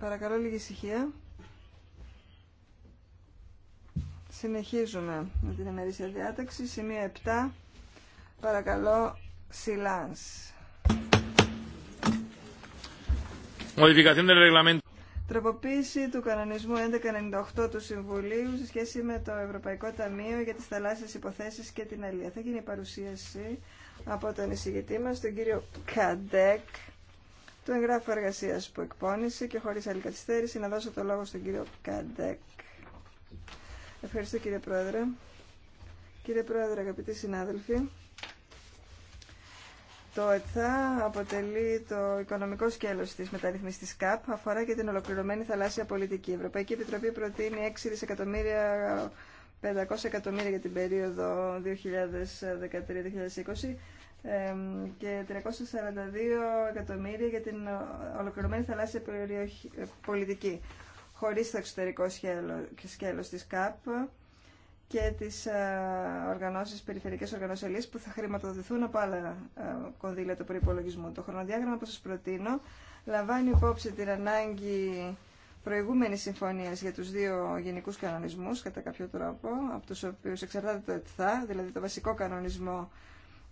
Παρακαλώ λίγη ησυχία. Συνεχίζουμε με την ημερήσια διάταξη. Σημείο 7. Παρακαλώ, Σιλάνς. Τροποποίηση του κανονισμού 1198 του Συμβουλίου σε σχέση με το Ευρωπαϊκό Ταμείο για τις θαλάσσιες υποθέσεις και την αλία. Θα γίνει η παρουσίαση από τον εισηγητή μας, τον κύριο Καντέκ του εγγράφου εργασία που εκπώνησε και χωρί άλλη καθυστέρηση να δώσω το λόγο στον κύριο Καντέκ. Ευχαριστώ κύριε Πρόεδρε. Κύριε Πρόεδρε, αγαπητοί συνάδελφοι, το ΕΤΘΑ αποτελεί το οικονομικό σκέλο τη μεταρρύθμιση τη ΚΑΠ, αφορά και την ολοκληρωμένη θαλάσσια πολιτική. Η Ευρωπαϊκή Επιτροπή προτείνει 6 δισεκατομμύρια 500 εκατομμύρια για την περίοδο 2013-2020 και 342 εκατομμύρια για την ολοκληρωμένη θαλάσσια περιοχή, ε, πολιτική χωρίς το εξωτερικό σκέλος της ΚΑΠ και τις ε, οργανώσεις, περιφερειακές οργανώσεις που θα χρηματοδοτηθούν από άλλα ε, κονδύλια του προϋπολογισμού. Το χρονοδιάγραμμα που σας προτείνω λαμβάνει υπόψη την ανάγκη προηγούμενη συμφωνία για του δύο γενικού κανονισμού, κατά κάποιο τρόπο, από του οποίου εξαρτάται το ΕΤΘΑ, δηλαδή το βασικό κανονισμό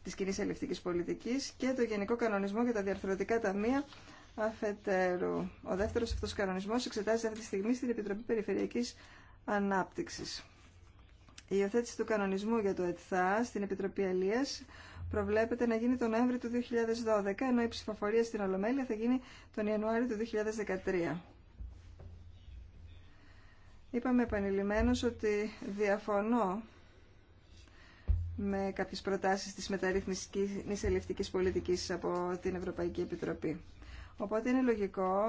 της κοινή ελευθερική πολιτική και το Γενικό Κανονισμό για τα Διαρθρωτικά Ταμεία Αφετέρου. Ο δεύτερος αυτό κανονισμός εξετάζεται αυτή τη στιγμή στην Επιτροπή Περιφερειακής Ανάπτυξης. Η υιοθέτηση του κανονισμού για το ΕΤΘΑ στην Επιτροπή Αλλία προβλέπεται να γίνει τον Νοέμβριο του 2012, ενώ η ψηφοφορία στην Ολομέλεια θα γίνει τον Ιανουάριο του 2013. Είπαμε επανειλημμένως ότι διαφωνώ με κάποιες προτάσεις της μεταρρύθμισης ελευτικής πολιτικής από την Ευρωπαϊκή Επιτροπή. Οπότε είναι λογικό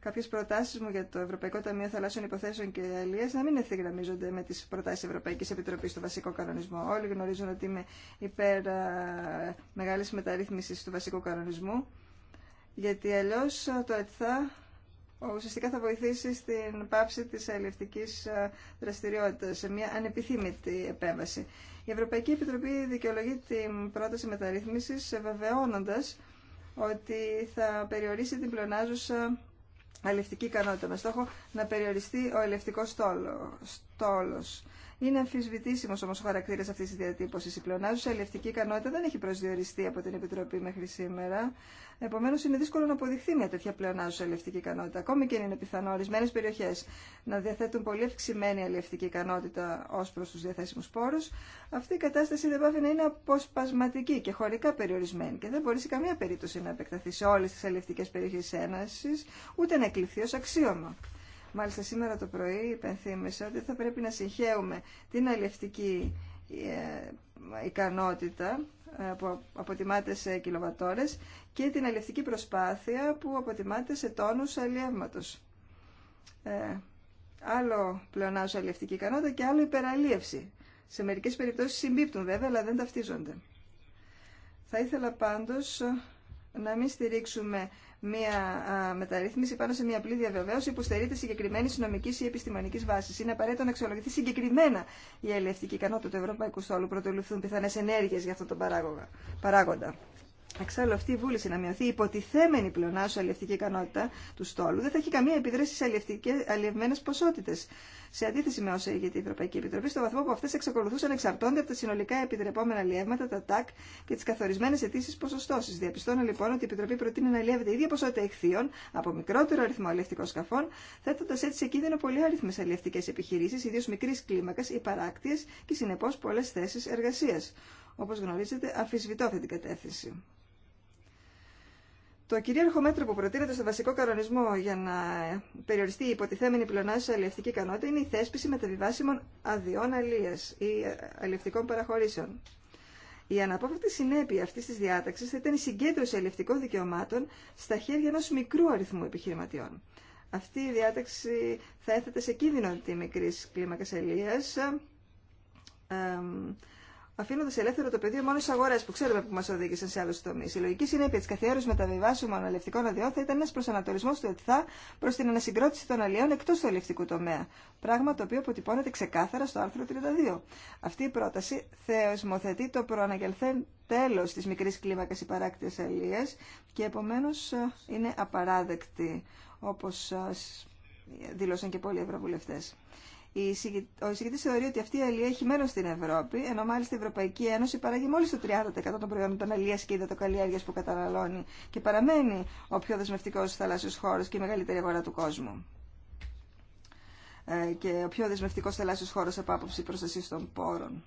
κάποιε προτάσει μου για το Ευρωπαϊκό Ταμείο Θαλάσσιων Υποθέσεων και Αλία να μην ευθυγραμμίζονται με τι προτάσει Ευρωπαϊκή Επιτροπής στο βασικό κανονισμό. Όλοι γνωρίζουν ότι είμαι υπέρ μεγάλη μεταρρύθμιση του βασικού κανονισμού, γιατί αλλιώ το ΕΤΘΑ ουσιαστικά θα βοηθήσει στην πάυση της αλληλευτική ε, δραστηριότητας, σε μια ανεπιθύμητη επέμβαση. Η Ευρωπαϊκή Επιτροπή δικαιολογεί την πρόταση μεταρρύθμισης ε, βεβαιώνοντας ότι θα περιορίσει την πλεονάζουσα αλληλευτική ικανότητα με στόχο να περιοριστεί ο αλληλευτικό στόλο, είναι αμφισβητήσιμο όμω ο χαρακτήρα αυτή τη διατύπωση. Η πλεονάζουσα αλληλευτική ικανότητα δεν έχει προσδιοριστεί από την Επιτροπή μέχρι σήμερα. Επομένω, είναι δύσκολο να αποδειχθεί μια τέτοια πλεονάζουσα αλληλευτική ικανότητα. Ακόμη και αν είναι πιθανό ορισμένε περιοχέ να διαθέτουν πολύ αυξημένη αλληλευτική ικανότητα ω προ του διαθέσιμου πόρου, αυτή η κατάσταση δεν πάβει να είναι αποσπασματική και χωρικά περιορισμένη και δεν μπορεί σε καμία περίπτωση να επεκταθεί σε όλε τι ελευτικέ περιοχέ Ένωση, ούτε να εκλειφθεί ω αξίωμα. Μάλιστα σήμερα το πρωί υπενθύμησε ότι θα πρέπει να συγχαίουμε την αλληλευτική ε, ικανότητα ε, που αποτιμάται σε κιλοβατόρες και την αλληλευτική προσπάθεια που αποτιμάται σε τόνους αλλιεύματος. Ε, άλλο πλεονάζω αλληλευτική ικανότητα και άλλο υπεραλίευση. Σε μερικές περιπτώσεις συμπίπτουν βέβαια, αλλά δεν ταυτίζονται. Θα ήθελα πάντως να μην στηρίξουμε μία μεταρρύθμιση πάνω σε μία απλή διαβεβαίωση που στερείται συγκεκριμένη νομική ή επιστημονική βάση. Είναι απαραίτητο να εξολογιστεί συγκεκριμένα η αλληλευτική αξιολογηθει συγκεκριμενα η ελευτικη ικανοτητα του ευρωπαϊκού στόλου, Προτελουθούν πιθανέ ενέργειε για αυτόν τον παράγοντα. Εξάλλου αυτή η βούληση να μειωθεί η υποτιθέμενη πλεονάσου αλλιευτική ικανότητα του στόλου δεν θα έχει καμία επίδραση σε αλλιευμένε ποσότητε. Σε αντίθεση με όσα είχε η Ευρωπαϊκή Επιτροπή, στο βαθμό που αυτέ εξακολουθούσαν εξαρτώνται από τα συνολικά επιτρεπόμενα αλλιεύματα, τα ΤΑΚ και τι καθορισμένε αιτήσει ποσοστώσει. Διαπιστώνω λοιπόν ότι η Επιτροπή προτείνει να αλλιεύεται η ίδια ποσότητα ηχθείων από μικρότερο αριθμό αλλιευτικών σκαφών, θέτοντα έτσι σε κίνδυνο πολύ άριθμε αλλιευτικέ επιχειρήσει, ιδίω μικρή κλίμακα ή και συνεπώ πολλέ θέσει εργασία. Όπω γνωρίζετε, αφισβητώ αυτή την κατεύθυνση. Το κυρίαρχο μέτρο που προτείνεται στο βασικό κανονισμό για να περιοριστεί η υποτιθέμενη σε αλληλευτική ικανότητα είναι η θέσπιση μεταβιβάσιμων αδειών αλεία ή αλληλευτικών παραχωρήσεων. Η αναπόφευκτη συνέπεια αυτή τη διάταξη θα ήταν η συγκέντρωση αλληλευτικών δικαιωμάτων στα χέρια ενό μικρού αριθμού επιχειρηματιών. Αυτή η διάταξη θα έθετε σε κίνδυνο τη μικρή κλίμακα αλεία αφήνοντα ελεύθερο το πεδίο μόνο στι αγορέ που ξέρουμε που μα οδήγησαν σε άλλου τομεί. Η λογική συνέπεια τη καθιέρωση μεταβιβάσεων αλληλευτικών αδειών θα ήταν ένα προσανατολισμό του ΕΤΘΑ προ την ανασυγκρότηση των αλλιών εκτό του αλληλευτικού τομέα. Πράγμα το οποίο αποτυπώνεται ξεκάθαρα στο άρθρο 32. Αυτή η πρόταση θεσμοθετεί το προαναγγελθέν τέλο τη μικρή κλίμακα υπαράκτεια αλληλεία και επομένω ε, είναι απαράδεκτη, όπω ε, δήλωσαν και πολλοί ευρωβουλευτέ. Ο εισηγητή θεωρεί ότι αυτή η αλληλεία έχει μέρο στην Ευρώπη, ενώ μάλιστα η Ευρωπαϊκή Ένωση παράγει μόλι το 30% των προϊόντων αλληλεία και υδατοκαλλιέργεια που καταναλώνει και παραμένει ο πιο δεσμευτικό θαλάσσιο χώρο και η μεγαλύτερη αγορά του κόσμου. Ε, και ο πιο δεσμευτικό θαλάσσιο χώρο από άποψη προστασία των πόρων.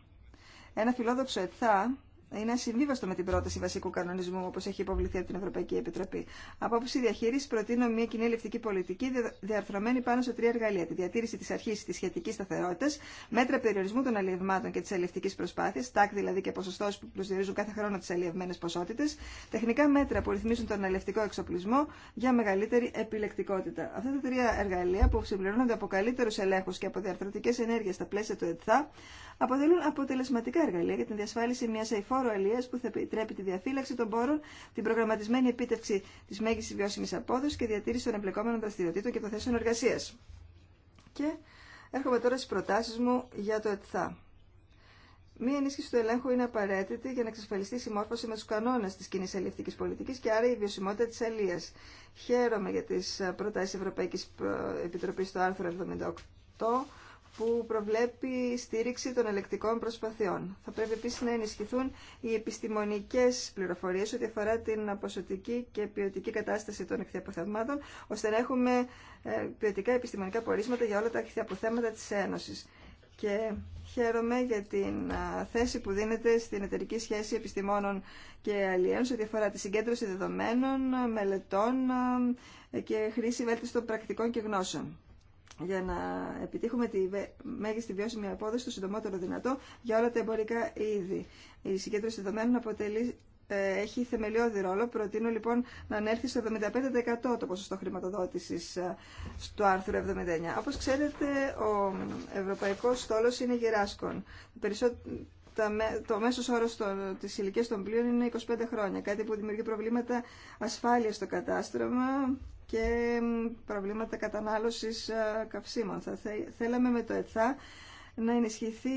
Ένα φιλόδοξο ΕΤΘΑ είναι ασυμβίβαστο με την πρόταση βασικού κανονισμού όπω έχει υποβληθεί από την Ευρωπαϊκή Επιτροπή. Από άποψη διαχείριση, προτείνω μια κοινή ελευτική πολιτική διαρθρωμένη πάνω σε τρία εργαλεία. Τη διατήρηση τη αρχή τη σχετική σταθερότητα, μέτρα περιορισμού των αλλιευμάτων και τη ελευτική προσπάθεια, τάκ δηλαδή και ποσοστό που προσδιορίζουν κάθε χρόνο τι αλλιευμένε ποσότητε, τεχνικά μέτρα που ρυθμίζουν τον αλλιευτικό εξοπλισμό για μεγαλύτερη επιλεκτικότητα. Αυτά τα τρία εργαλεία που συμπληρώνονται από καλύτερου ελέγχου και από διαρθρωτικέ ενέργειε στα πλαίσια του ΕΤΘΑ αποτελούν αποτελεσματικά εργαλεία για την διασφάλιση μια αηφόρου αλλιέ που θα επιτρέπει τη διαφύλαξη των πόρων, την προγραμματισμένη επίτευξη τη μέγιστη βιώσιμη απόδοση και διατήρηση των εμπλεκόμενων δραστηριοτήτων και των θέσεων εργασία. Και έρχομαι τώρα στι προτάσει μου για το ΕΤΘΑ. Μία ενίσχυση του ελέγχου είναι απαραίτητη για να εξασφαλιστεί η συμμόρφωση με του κανόνε τη κοινή αλληλευτική πολιτική και άρα η βιωσιμότητα τη αλληλεία. Χαίρομαι για τι προτάσει Ευρωπαϊκή Επιτροπή στο άρθρο 78 που προβλέπει στήριξη των ελεκτικών προσπαθειών. Θα πρέπει επίσης να ενισχυθούν οι επιστημονικές πληροφορίες ό,τι αφορά την αποσωτική και ποιοτική κατάσταση των εκθιαποθεμάτων, ώστε να έχουμε ε, ποιοτικά επιστημονικά πορίσματα για όλα τα εκθιαποθέματα της Ένωσης. Και χαίρομαι για την θέση που δίνεται στην εταιρική σχέση επιστημόνων και αλλιέων σε ό,τι αφορά τη συγκέντρωση δεδομένων, μελετών και χρήση βέλτιστων πρακτικών και γνώσεων για να επιτύχουμε τη μέγιστη βιώσιμη απόδοση το συντομότερο δυνατό για όλα τα εμπορικά είδη. Η συγκέντρωση δεδομένων αποτελεί, ε, έχει θεμελιώδη ρόλο. Προτείνω λοιπόν να ανέρθει στο 75% το ποσοστό χρηματοδότηση ε, στο άρθρο 79. Όπω ξέρετε, ο Ευρωπαϊκό Στόλο είναι γεράσκον. Το μέσο όρο τη ηλικία των πλοίων είναι 25 χρόνια, κάτι που δημιουργεί προβλήματα ασφάλεια στο κατάστρωμα και προβλήματα κατανάλωσης ε, καυσίμων. Θα θέλαμε με το ΕΤΘΑ να ενισχυθεί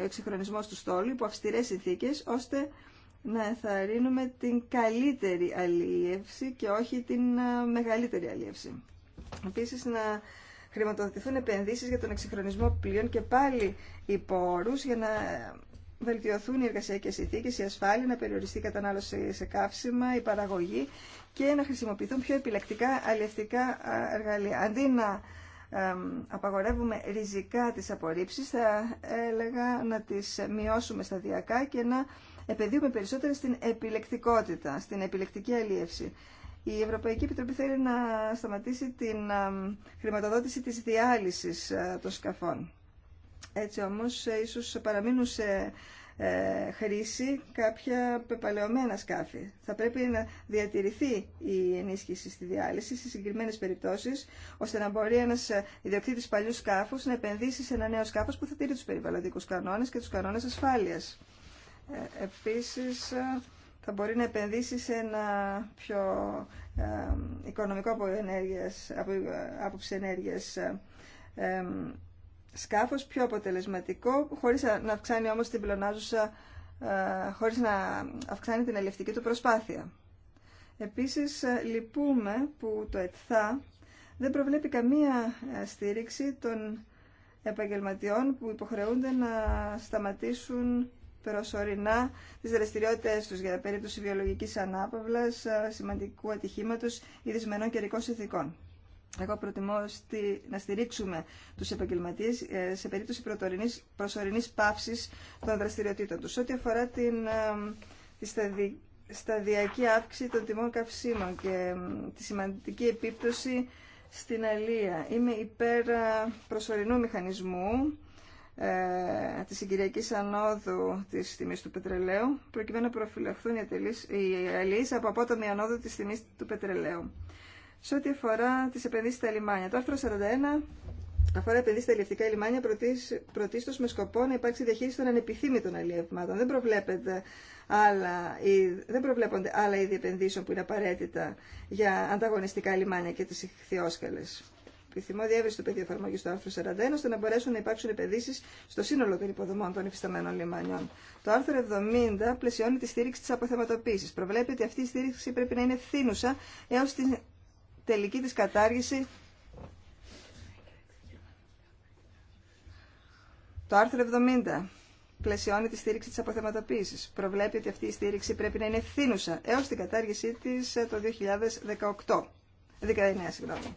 ο εξυγχρονισμός του στόλου υπό αυστηρές συνθήκες, ώστε να εθαρρύνουμε την καλύτερη αλίευση και όχι την ε, μεγαλύτερη αλίευση. Επίσης, να χρηματοδοτηθούν επενδύσεις για τον εξυγχρονισμό πλοίων και πάλι υπό για να βελτιωθούν οι εργασιακέ συνθήκε, η ασφάλεια, να περιοριστεί η κατανάλωση σε καύσιμα, η παραγωγή και να χρησιμοποιηθούν πιο επιλεκτικά αλληλευτικά εργαλεία. Αντί να απαγορεύουμε ριζικά τις απορρίψεις, θα έλεγα να τις μειώσουμε σταδιακά και να επενδύουμε περισσότερο στην επιλεκτικότητα, στην επιλεκτική αλλίευση. Η Ευρωπαϊκή Επιτροπή θέλει να σταματήσει την χρηματοδότηση της διάλυσης ε, των σκαφών. Έτσι όμως, ε, ίσως παραμείνουν σε ε, χρήση κάποια πεπαλαιωμένα σκάφη. Θα πρέπει να διατηρηθεί η ενίσχυση στη διάλυση σε συγκεκριμένε περιπτώσει, ώστε να μπορεί ένα ιδιοκτήτη παλιού σκάφου να επενδύσει σε ένα νέο σκάφο που θα τηρεί του περιβαλλοντικού κανόνε και του κανόνε ασφάλεια. Ε, Επίση, ε, θα μπορεί να επενδύσει σε ένα πιο ε, οικονομικό από, ενέργειας, από άποψη ενέργεια σκάφος πιο αποτελεσματικό, χωρίς να αυξάνει όμως την πλονάζουσα ε, χωρίς να αυξάνει την ελευτική του προσπάθεια. Επίσης, ε, λυπούμε που το ΕΤΘΑ δεν προβλέπει καμία ε, στήριξη των επαγγελματιών που υποχρεούνται να σταματήσουν προσωρινά τις δραστηριότητες τους για περίπτωση βιολογικής ανάπαυλας, σημαντικού ατυχήματος ή δυσμενών καιρικών συνθηκών. Εγώ προτιμώ στη, να στηρίξουμε τους επαγγελματίες ε, σε περίπτωση προσωρινής, προσωρινής παύσης των δραστηριοτήτων τους. Ό,τι αφορά την, ε, τη σταδιακή αύξηση των τιμών καυσίμων και ε, τη σημαντική επίπτωση στην αλία. Είμαι υπέρ προσωρινού μηχανισμού ε, της συγκυριακής ανόδου της τιμής του πετρελαίου προκειμένου να προφυλαχθούν οι, οι από απότομη ανόδου της τιμής του πετρελαίου σε ό,τι αφορά τι επενδύσει στα λιμάνια. Το άρθρο 41 αφορά επενδύσει στα ελληνικά λιμάνια πρωτίστω με σκοπό να υπάρξει διαχείριση των ανεπιθύμητων αλλιευμάτων. Δεν, άλλα, δεν προβλέπονται άλλα είδη επενδύσεων που είναι απαραίτητα για ανταγωνιστικά λιμάνια και τι ηχθιόσκαλες. Επιθυμώ διεύρυνση του πεδίου εφαρμογή του άρθρου 41, ώστε να μπορέσουν να υπάρξουν επενδύσει στο σύνολο των υποδομών των υφισταμένων λιμανιών. Το άρθρο 70 πλαισιώνει τη στήριξη τη αποθεματοποίηση. Προβλέπει ότι αυτή η στήριξη πρέπει να είναι ευθύνουσα έω την τελική της κατάργηση Το άρθρο 70 πλαισιώνει τη στήριξη της αποθεματοποίησης. Προβλέπει ότι αυτή η στήριξη πρέπει να είναι ευθύνουσα έως την κατάργησή της ε, το 2018. 19, συγγνώμη.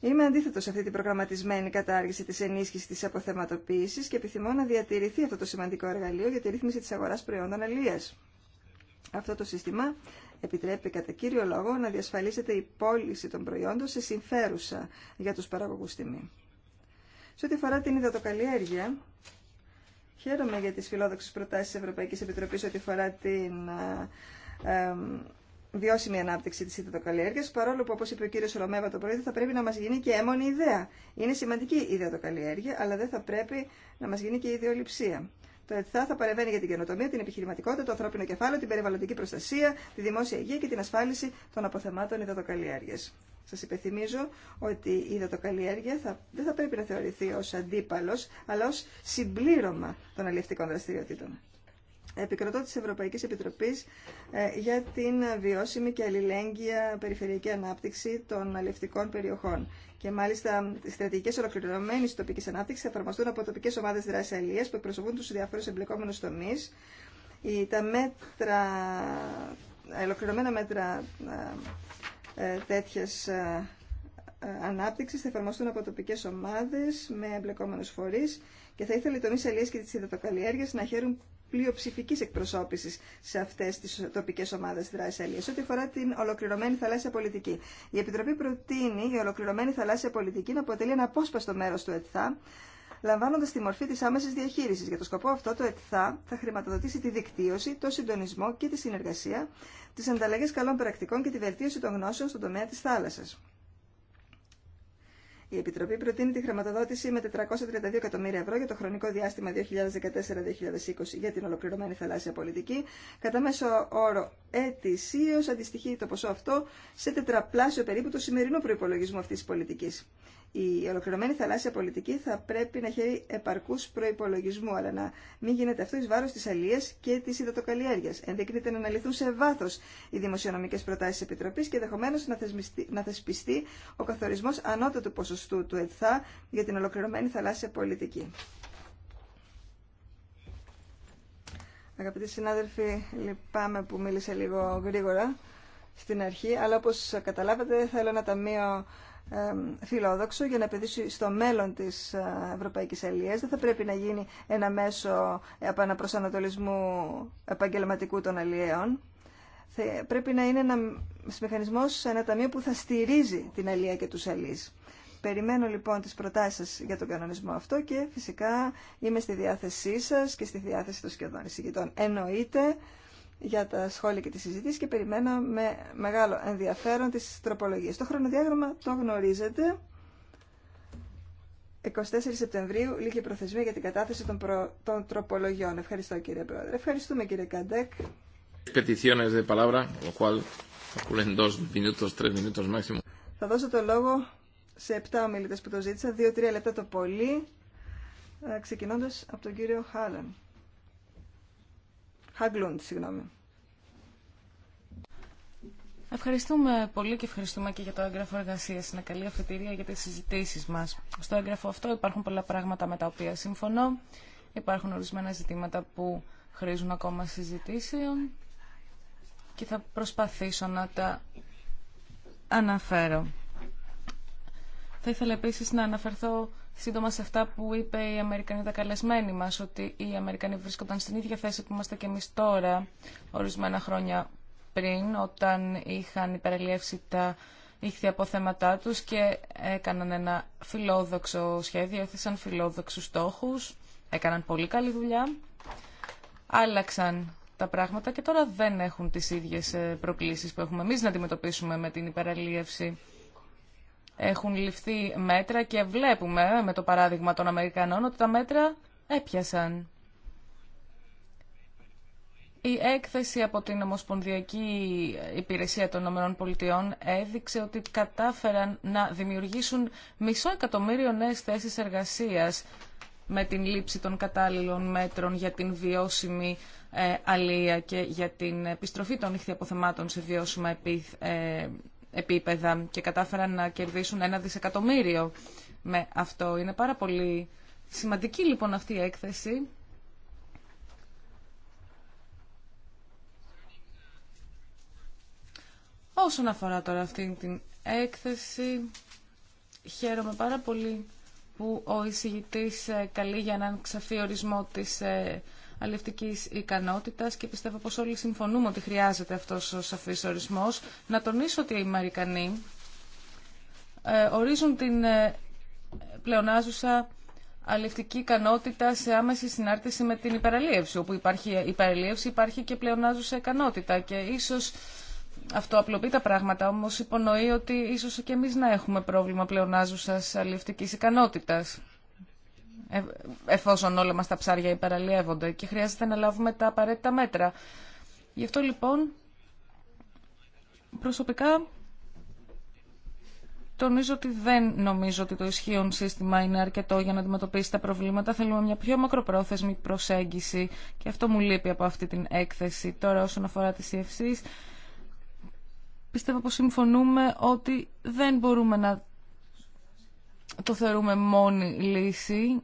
Είμαι αντίθετο σε αυτή την προγραμματισμένη κατάργηση τη ενίσχυση τη αποθεματοποίηση και επιθυμώ να διατηρηθεί αυτό το σημαντικό εργαλείο για τη ρύθμιση τη αγορά προϊόντων αλληλεία. Αυτό το σύστημα επιτρέπει κατά κύριο λόγο να διασφαλίσετε η πώληση των προϊόντων σε συμφέρουσα για τους παραγωγούς τιμή. Σε ό,τι αφορά την υδατοκαλλιέργεια, χαίρομαι για τις φιλόδοξες προτάσεις της Ευρωπαϊκής Επιτροπής ό,τι αφορά την ε, βιώσιμη ανάπτυξη της υδατοκαλλιέργεια, παρόλο που, όπως είπε ο κύριος Ρωμέβα το πρωί, θα πρέπει να μας γίνει και έμονη ιδέα. Είναι σημαντική η υδατοκαλλιέργεια, αλλά δεν θα πρέπει να μας γίνει και η ιδεολειψία. Το ΕΤΘΑ θα παρεμβαίνει για την καινοτομία, την επιχειρηματικότητα, το ανθρώπινο κεφάλαιο, την περιβαλλοντική προστασία, τη δημόσια υγεία και την ασφάλιση των αποθεμάτων υδατοκαλλιέργεια. Σα υπενθυμίζω ότι η υδατοκαλλιέργεια θα, δεν θα πρέπει να θεωρηθεί ως αντίπαλο, αλλά ως συμπλήρωμα των αλληλευτικών δραστηριοτήτων επικροτώ τη Ευρωπαϊκή Επιτροπή ε, για την βιώσιμη και αλληλέγγυα περιφερειακή ανάπτυξη των αλληλευτικών περιοχών. Και μάλιστα, οι στρατηγικέ ολοκληρωμένη τοπική ανάπτυξη θα εφαρμοστούν από τοπικέ ομάδε δράση αλληλεία που εκπροσωπούν του διάφορου εμπλεκόμενου τομεί. Τα μέτρα, ολοκληρωμένα μέτρα ε, ε, τέτοια ανάπτυξη θα εφαρμοστούν από τοπικέ ομάδε με εμπλεκόμενου φορεί και θα ήθελα οι τομεί αλληλεία και τη να χαίρουν πλειοψηφική εκπροσώπηση σε αυτέ τι τοπικέ ομάδε δράσης αλληλείας. Ό,τι αφορά την ολοκληρωμένη θαλάσσια πολιτική. Η Επιτροπή προτείνει η ολοκληρωμένη θαλάσσια πολιτική να αποτελεί ένα απόσπαστο μέρο του ΕΤΘΑ, λαμβάνοντα τη μορφή τη άμεση διαχείριση. Για το σκοπό αυτό το ΕΤΘΑ θα χρηματοδοτήσει τη δικτύωση, το συντονισμό και τη συνεργασία, τι ανταλλαγέ καλών πρακτικών και τη βελτίωση των γνώσεων στον τομέα τη θάλασσα. Η Επιτροπή προτείνει τη χρηματοδότηση με 432 εκατομμύρια ευρώ για το χρονικό διάστημα 2014-2020 για την ολοκληρωμένη θαλάσσια πολιτική. Κατά μέσο όρο ετησίω αντιστοιχεί το ποσό αυτό σε τετραπλάσιο περίπου το σημερινό προπολογισμό αυτή τη πολιτική η ολοκληρωμένη θαλάσσια πολιτική θα πρέπει να χαίρει επαρκού προπολογισμού, αλλά να μην γίνεται αυτό ει βάρος τη αλληλεία και τη υδατοκαλλιέργεια. Ενδείκνεται να αναλυθούν σε βάθο οι δημοσιονομικέ προτάσει τη Επιτροπής και ενδεχομένω να, θεσπιστεί ο καθορισμός ανώτατου ποσοστού του ΕΤΘΑ για την ολοκληρωμένη θαλάσσια πολιτική. Αγαπητοί συνάδελφοι, λυπάμαι που μίλησα λίγο γρήγορα στην αρχή, αλλά όπως καταλάβατε θέλω τα ταμείο φιλόδοξο για να επενδύσει στο μέλλον της ε, Ευρωπαϊκής Αλίας. Δεν θα πρέπει να γίνει ένα μέσο επαναπροσανατολισμού επαγγελματικού των αλλιέων. πρέπει να είναι ένα μηχανισμός, ένα ταμείο που θα στηρίζει την αλία και τους αλλείς Περιμένω λοιπόν τις προτάσεις για τον κανονισμό αυτό και φυσικά είμαι στη διάθεσή σας και στη διάθεση των σχεδόν εισηγητών. Εννοείται για τα σχόλια και τις συζητήσεις και περιμένω με μεγάλο ενδιαφέρον τις τροπολογίες. Το χρονοδιάγραμμα το γνωρίζετε. 24 Σεπτεμβρίου, λίγη προθεσμία για την κατάθεση των, των τροπολογιών. Ευχαριστώ κύριε Πρόεδρε. Ευχαριστούμε κύριε Καντέκ. Θα δώσω το λόγο σε 7 ομιλητές που το ζήτησαν, 2-3 λεπτά το πολύ, ε, ξεκινώντας από τον κύριο Χάλαν. Ευχαριστούμε πολύ και ευχαριστούμε και για το έγγραφο εργασία. Είναι καλή αφετηρία για τι συζητήσει μα. Στο έγγραφο αυτό υπάρχουν πολλά πράγματα με τα οποία συμφωνώ. Υπάρχουν ορισμένα ζητήματα που χρήζουν ακόμα συζητήσεων και θα προσπαθήσω να τα αναφέρω. Θα ήθελα επίση να αναφερθώ σύντομα σε αυτά που είπε η Αμερικανίδα καλεσμένη μα, μας, ότι οι Αμερικανοί βρίσκονταν στην ίδια θέση που είμαστε και εμεί τώρα, ορισμένα χρόνια πριν, όταν είχαν υπεραλλιεύσει τα ήχθη θέματά του και έκαναν ένα φιλόδοξο σχέδιο, έθεσαν φιλόδοξου στόχου, έκαναν πολύ καλή δουλειά, άλλαξαν τα πράγματα και τώρα δεν έχουν τις ίδιες ε, προκλήσεις που έχουμε εμείς να αντιμετωπίσουμε με την υπεραλίευση έχουν ληφθεί μέτρα και βλέπουμε ε, με το παράδειγμα των Αμερικανών ότι τα μέτρα έπιασαν. Η έκθεση από την Ομοσπονδιακή Υπηρεσία των ΗΠΑ έδειξε ότι κατάφεραν να δημιουργήσουν μισό εκατομμύριο νέες θέσεις εργασίας με την λήψη των κατάλληλων μέτρων για την βιώσιμη ε, αλία και για την επιστροφή των ηχθιαποθεμάτων σε βιώσιμα ε, επίπεδα και κατάφεραν να κερδίσουν ένα δισεκατομμύριο με αυτό. Είναι πάρα πολύ σημαντική λοιπόν αυτή η έκθεση. Όσον αφορά τώρα αυτή την έκθεση, χαίρομαι πάρα πολύ που ο εισηγητής ε, καλεί για έναν ξαφή της ε, αλληλευτική ικανότητα και πιστεύω πως όλοι συμφωνούμε ότι χρειάζεται αυτός ο σαφή ορισμό Να τονίσω ότι οι Μαρικανοί ε, ορίζουν την ε, πλεονάζουσα αλληλευτική ικανότητα σε άμεση συνάρτηση με την υπεραλίευση. Όπου υπάρχει υπεραλίευση υπάρχει και πλεονάζουσα ικανότητα και ίσως αυτό απλοποιεί τα πράγματα, όμω υπονοεί ότι ίσω και εμεί να έχουμε πρόβλημα πλεονάζουσα αλληλευτική ικανότητα. Ε, εφόσον όλα μας τα ψάρια υπεραλλιεύονται και χρειάζεται να λάβουμε τα απαραίτητα μέτρα. Γι' αυτό λοιπόν προσωπικά τονίζω ότι δεν νομίζω ότι το ισχύον σύστημα είναι αρκετό για να αντιμετωπίσει τα προβλήματα. Θέλουμε μια πιο μακροπρόθεσμη προσέγγιση και αυτό μου λείπει από αυτή την έκθεση. Τώρα όσον αφορά τις EFCs, πιστεύω πως συμφωνούμε ότι δεν μπορούμε να το θεωρούμε μόνη λύση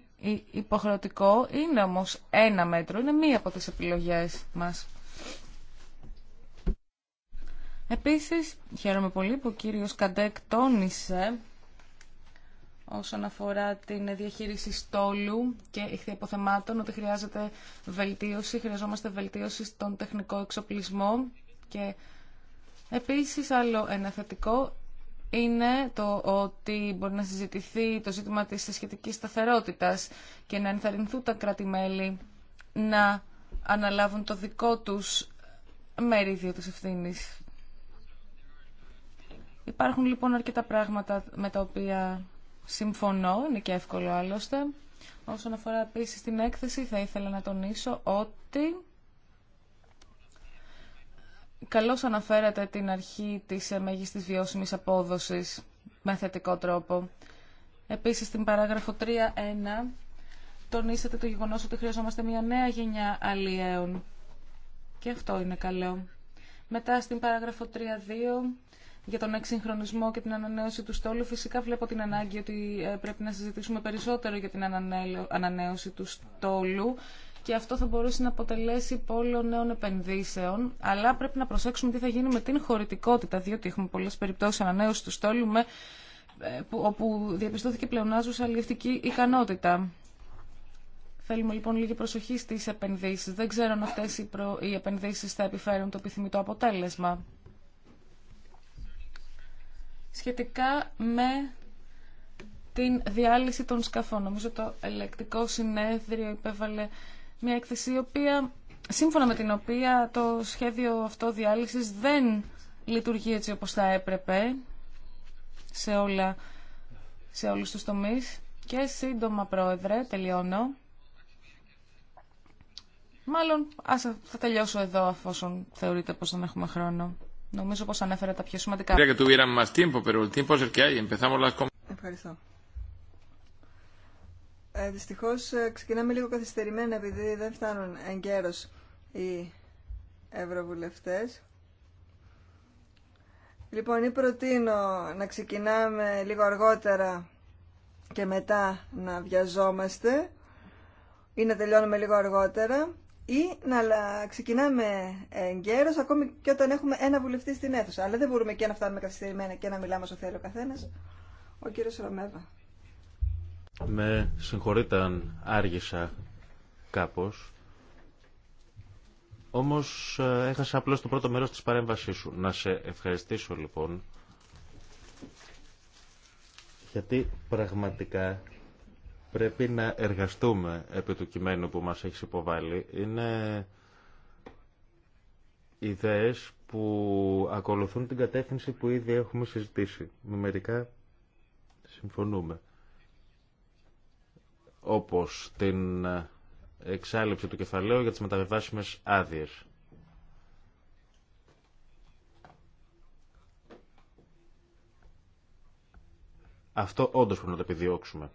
υποχρεωτικό είναι όμως ένα μέτρο, είναι μία από τις επιλογές μας. Επίσης, χαίρομαι πολύ που ο κύριος Καντέκ τόνισε όσον αφορά την διαχείριση στόλου και ηχθιαποθεμάτων ότι χρειάζεται βελτίωση, χρειαζόμαστε βελτίωση στον τεχνικό εξοπλισμό και επίσης άλλο ένα θετικό είναι το ότι μπορεί να συζητηθεί το ζήτημα της σχετικής σταθερότητας και να ενθαρρυνθούν τα κράτη-μέλη να αναλάβουν το δικό τους μερίδιο της ευθύνης. Υπάρχουν λοιπόν αρκετά πράγματα με τα οποία συμφωνώ, είναι και εύκολο άλλωστε. Όσον αφορά επίση την έκθεση θα ήθελα να τονίσω ότι καλώς αναφέρατε την αρχή της ε, μέγιστη βιώσιμης απόδοσης με θετικό τρόπο. Επίσης, στην παράγραφο 3.1 τονίσατε το γεγονός ότι χρειαζόμαστε μια νέα γενιά αλλιέων. Και αυτό είναι καλό. Μετά στην παράγραφο 3.2 για τον εξυγχρονισμό και την ανανέωση του στόλου. Φυσικά βλέπω την ανάγκη ότι ε, πρέπει να συζητήσουμε περισσότερο για την ανανέωση του στόλου και αυτό θα μπορούσε να αποτελέσει πόλο νέων επενδύσεων. Αλλά πρέπει να προσέξουμε τι θα γίνει με την χωρητικότητα, διότι έχουμε πολλέ περιπτώσει ανανέωση του στόλου με, ε, όπου διαπιστώθηκε πλεονάζουσα αλληλευτική ικανότητα. Θέλουμε λοιπόν λίγη προσοχή στι επενδύσει. Δεν ξέρω αν αυτέ οι, προ... οι επενδύσει θα επιφέρουν το επιθυμητό αποτέλεσμα. Σχετικά με την διάλυση των σκαφών. Νομίζω το ελεκτικό συνέδριο υπέβαλε μια έκθεση η οποία, σύμφωνα με την οποία το σχέδιο αυτό διάλυση δεν λειτουργεί έτσι όπως θα έπρεπε σε, όλα, σε όλους τους τομείς. Και σύντομα, Πρόεδρε, τελειώνω. Μάλλον, ας, θα τελειώσω εδώ, αφόσον θεωρείτε πως δεν έχουμε χρόνο. Νομίζω πως ανέφερα τα πιο σημαντικά. Ευχαριστώ. Ε, ε, ξεκινάμε λίγο καθυστερημένα επειδή δεν φτάνουν εγκαίρως οι ευρωβουλευτέ. Λοιπόν, ή προτείνω να ξεκινάμε λίγο αργότερα και μετά να βιαζόμαστε ή να τελειώνουμε λίγο αργότερα ή να ξεκινάμε εγκαίρως ακόμη και όταν έχουμε ένα βουλευτή στην αίθουσα. Αλλά δεν μπορούμε και να φτάνουμε καθυστερημένα και να μιλάμε όσο θέλει ο καθένας. Ο κύριος Ρωμέβα. Με συγχωρείτε αν άργησα κάπως. Όμως ε, έχασα απλώς το πρώτο μέρος της παρέμβασής σου. Να σε ευχαριστήσω λοιπόν. Γιατί πραγματικά πρέπει να εργαστούμε επί του κειμένου που μας έχει υποβάλει. Είναι ιδέες που ακολουθούν την κατεύθυνση που ήδη έχουμε συζητήσει. Με μερικά συμφωνούμε όπως την εξάλληψη του κεφαλαίου για τις μεταβιβάσιμες άδειες. Αυτό όντως πρέπει να το επιδιώξουμε.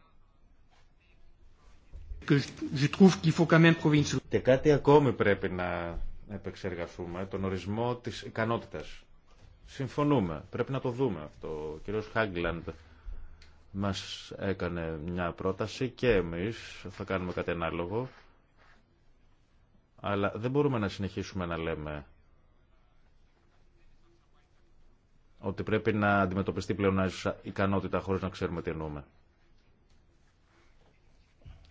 Και κάτι ακόμη πρέπει να επεξεργαστούμε, τον ορισμό της ικανότητας. Συμφωνούμε, πρέπει να το δούμε αυτό. Ο κύριος Χάγκλαντ μας έκανε μια πρόταση και εμείς θα κάνουμε κάτι ανάλογο. Αλλά δεν μπορούμε να συνεχίσουμε να λέμε ότι πρέπει να αντιμετωπιστεί πλέον ικανότητα χωρίς να ξέρουμε τι εννοούμε.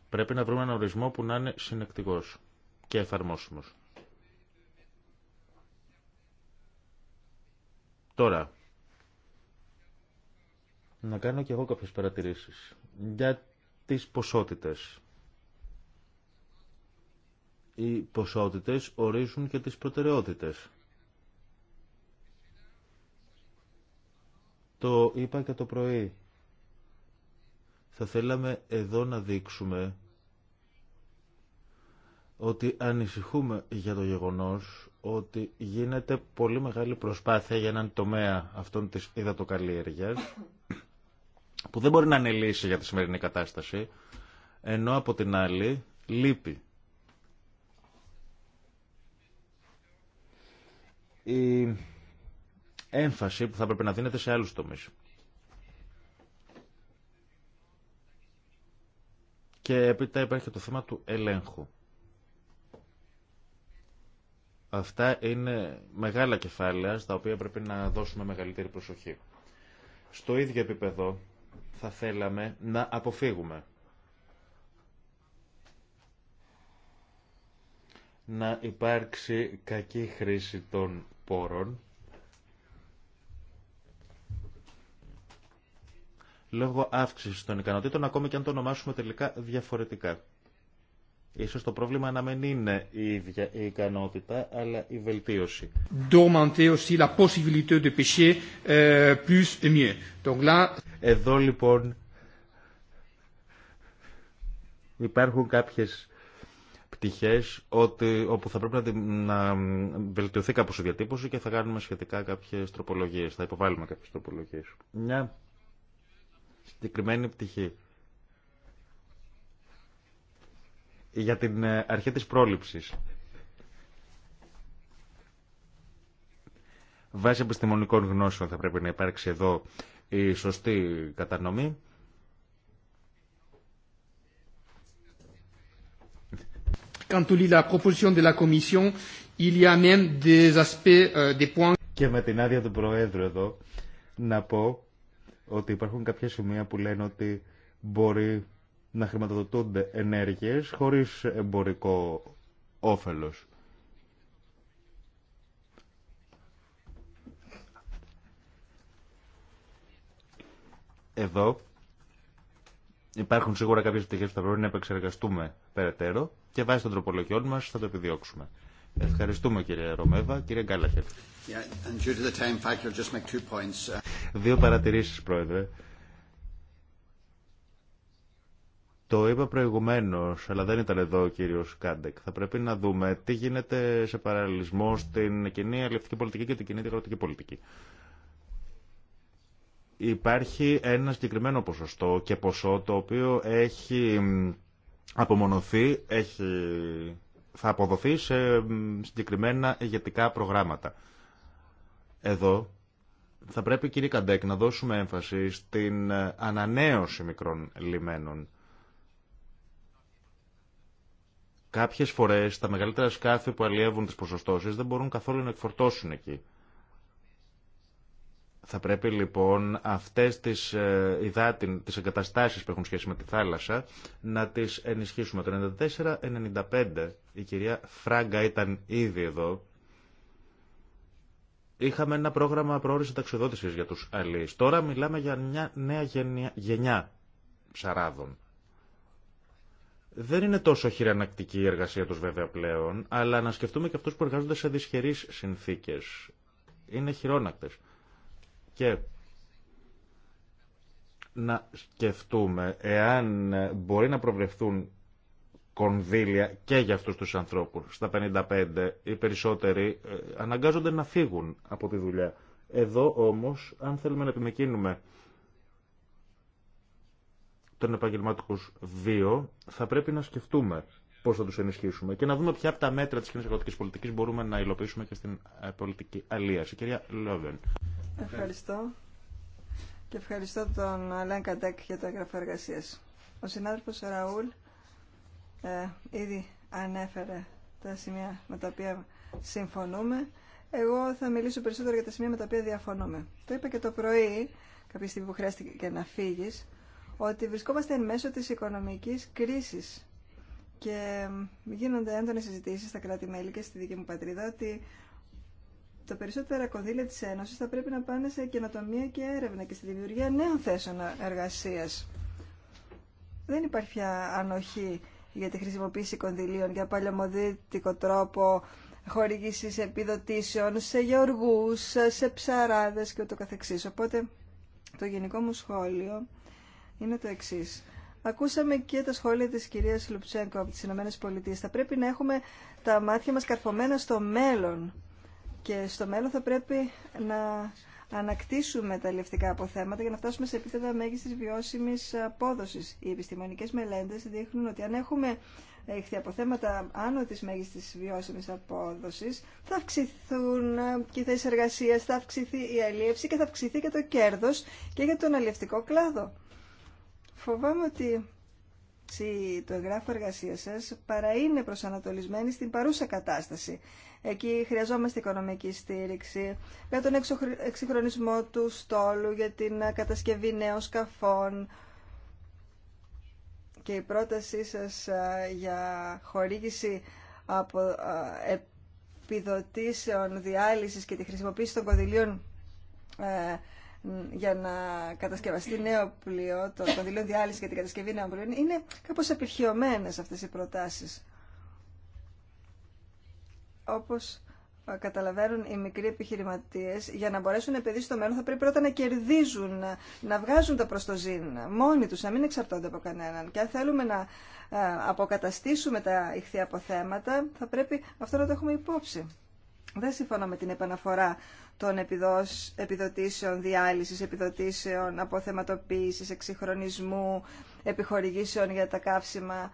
Πρέπει να βρούμε έναν ορισμό που να είναι συνεκτικός και εφαρμόσιμος. Τώρα, να κάνω και εγώ κάποιες παρατηρήσεις για τις ποσότητες. Οι ποσότητες ορίζουν και τις προτεραιότητες. Το είπα και το πρωί. Θα θέλαμε εδώ να δείξουμε ότι ανησυχούμε για το γεγονός ότι γίνεται πολύ μεγάλη προσπάθεια για έναν τομέα αυτών της υδατοκαλλιέργειας που δεν μπορεί να είναι λύση για τη σημερινή κατάσταση, ενώ από την άλλη λείπει. Η έμφαση που θα πρέπει να δίνεται σε άλλους τομείς. Και έπειτα υπάρχει το θέμα του ελέγχου. Αυτά είναι μεγάλα κεφάλαια στα οποία πρέπει να δώσουμε μεγαλύτερη προσοχή. Στο ίδιο επίπεδο θα θέλαμε να αποφύγουμε. Να υπάρξει κακή χρήση των πόρων λόγω αύξησης των ικανοτήτων, ακόμη και αν το ονομάσουμε τελικά διαφορετικά. Ίσως το πρόβλημα να μην είναι η ίδια η ικανότητα, αλλά η βελτίωση. aussi la possibilité de pêcher euh, plus mieux. Εδώ λοιπόν υπάρχουν κάποιες πτυχές ότι, όπου θα πρέπει να, βελτιωθεί κάπως η διατύπωση και θα κάνουμε σχετικά κάποιες τροπολογίες, θα υποβάλουμε κάποιες τροπολογίες. Μια συγκεκριμένη πτυχή. Για την ε, αρχή της πρόληψης. Βάσει επιστημονικών γνώσεων θα πρέπει να υπάρξει εδώ η σωστή κατανομή. Και με την άδεια του Προέδρου εδώ να πω ότι υπάρχουν κάποια σημεία που λένε ότι μπορεί να χρηματοδοτούνται ενέργειες χωρίς εμπορικό όφελος. Εδώ υπάρχουν σίγουρα κάποιε πτυχέ που θα πρέπει να επεξεργαστούμε περαιτέρω και βάσει των τροπολογιών μα θα το επιδιώξουμε. Ευχαριστούμε κύριε Ρωμέβα. Κύριε Γκάλαχερ. Δύο παρατηρήσεις πρόεδρε. Το είπα προηγουμένω, αλλά δεν ήταν εδώ ο κύριο Κάντεκ. Θα πρέπει να δούμε τι γίνεται σε παραλληλισμό στην κοινή αλληλευτική πολιτική και την κοινή διακρατική πολιτική υπάρχει ένα συγκεκριμένο ποσοστό και ποσό το οποίο έχει απομονωθεί, θα αποδοθεί σε συγκεκριμένα ηγετικά προγράμματα. Εδώ θα πρέπει κύριε Καντέκ να δώσουμε έμφαση στην ε, ανανέωση μικρών λιμένων. Κάποιες φορές τα μεγαλύτερα σκάφη που αλλιεύουν τις ποσοστώσεις δεν μπορούν καθόλου να εκφορτώσουν εκεί. Θα πρέπει λοιπόν αυτές τις ε, τις εγκαταστάσεις που έχουν σχέση με τη θάλασσα να τις ενισχύσουμε. Το 94-95 η κυρία Φράγκα ήταν ήδη εδώ. Είχαμε ένα πρόγραμμα προώρησης ταξιδότησης για τους αλληλείς. Τώρα μιλάμε για μια νέα γενιά, ψαράδων. Δεν είναι τόσο χειρανακτική η εργασία τους βέβαια πλέον, αλλά να σκεφτούμε και αυτούς που εργάζονται σε δυσχερείς συνθήκες. Είναι χειρόνακτες. Και να σκεφτούμε εάν μπορεί να προβλεφθούν κονδύλια και για αυτούς τους ανθρώπους. Στα 55 οι περισσότεροι ε, αναγκάζονται να φύγουν από τη δουλειά. Εδώ όμως, αν θέλουμε να επιμεκίνουμε τον επαγγελματικό βίο, θα πρέπει να σκεφτούμε πώ θα του ενισχύσουμε και να δούμε ποια από τα μέτρα τη κοινή εργατική πολιτική μπορούμε να υλοποιήσουμε και στην ε, πολιτική αλία. κυρία Λόβεν. Ευχαριστώ. Και ευχαριστώ τον Αλέν Καντέκ για το έγγραφο εργασία. Ο συνάδελφο Ραούλ ε, ήδη ανέφερε τα σημεία με τα οποία συμφωνούμε. Εγώ θα μιλήσω περισσότερο για τα σημεία με τα οποία διαφωνούμε. Το είπα και το πρωί, κάποια στιγμή που χρειάστηκε και να φύγει, ότι βρισκόμαστε εν μέσω τη οικονομική κρίση. Και γίνονται έντονε συζητήσει στα κράτη-μέλη και στη δική μου πατρίδα ότι τα περισσότερα κονδύλια της Ένωσης θα πρέπει να πάνε σε καινοτομία και έρευνα και στη δημιουργία νέων θέσεων εργασίας. Δεν υπάρχει ανοχή για τη χρησιμοποίηση κονδυλίων για παλαιομοδίτικο τρόπο χορηγήσεις, επιδοτήσεων σε γεωργούς, σε ψαράδες και ούτω καθεξής. Οπότε το γενικό μου σχόλιο είναι το εξής. Ακούσαμε και τα σχόλια της κυρίας Λουψέγκο από τις ΗΠΑ. Θα πρέπει να έχουμε τα μάτια μας καρφωμένα στο μέλλον και στο μέλλον θα πρέπει να ανακτήσουμε τα ελευτικά αποθέματα για να φτάσουμε σε επίπεδα μέγιστης βιώσιμης απόδοσης. Οι επιστημονικές μελέτες δείχνουν ότι αν έχουμε αποθέματα άνω της μέγιστης βιώσιμης απόδοσης θα αυξηθούν και οι θέσεις εργασίας, θα αυξηθεί η αλίευση και θα αυξηθεί και το κέρδος και για τον αλλιευτικό κλάδο. Φοβάμαι ότι το εγγράφο εργασία σας παρά είναι προσανατολισμένη στην παρούσα κατάσταση Εκεί χρειαζόμαστε οικονομική στήριξη για τον εξυγχρονισμό του στόλου, για την κατασκευή νέων σκαφών. Και η πρότασή σας για χορήγηση από επιδοτήσεων διάλυσης και τη χρησιμοποίηση των κονδυλίων ε, για να κατασκευαστεί νέο πλοίο, το κονδυλίο διάλυσης και την κατασκευή νέων πλοίων, είναι κάπως επιχειωμένες αυτές οι προτάσεις όπως ε, καταλαβαίνουν οι μικροί επιχειρηματίες, για να μπορέσουν να επενδύσουν στο μέλλον θα πρέπει πρώτα να κερδίζουν, να βγάζουν τα ζήν, μόνοι τους, να μην εξαρτώνται από κανέναν. Και αν θέλουμε να ε, αποκαταστήσουμε τα ηχθή αποθέματα, θα πρέπει αυτό να το έχουμε υπόψη. Δεν συμφωνώ με την επαναφορά των επιδοτήσεων διάλυσης, επιδοτήσεων αποθεματοποίησης, εξυγχρονισμού, επιχορηγήσεων για τα καύσιμα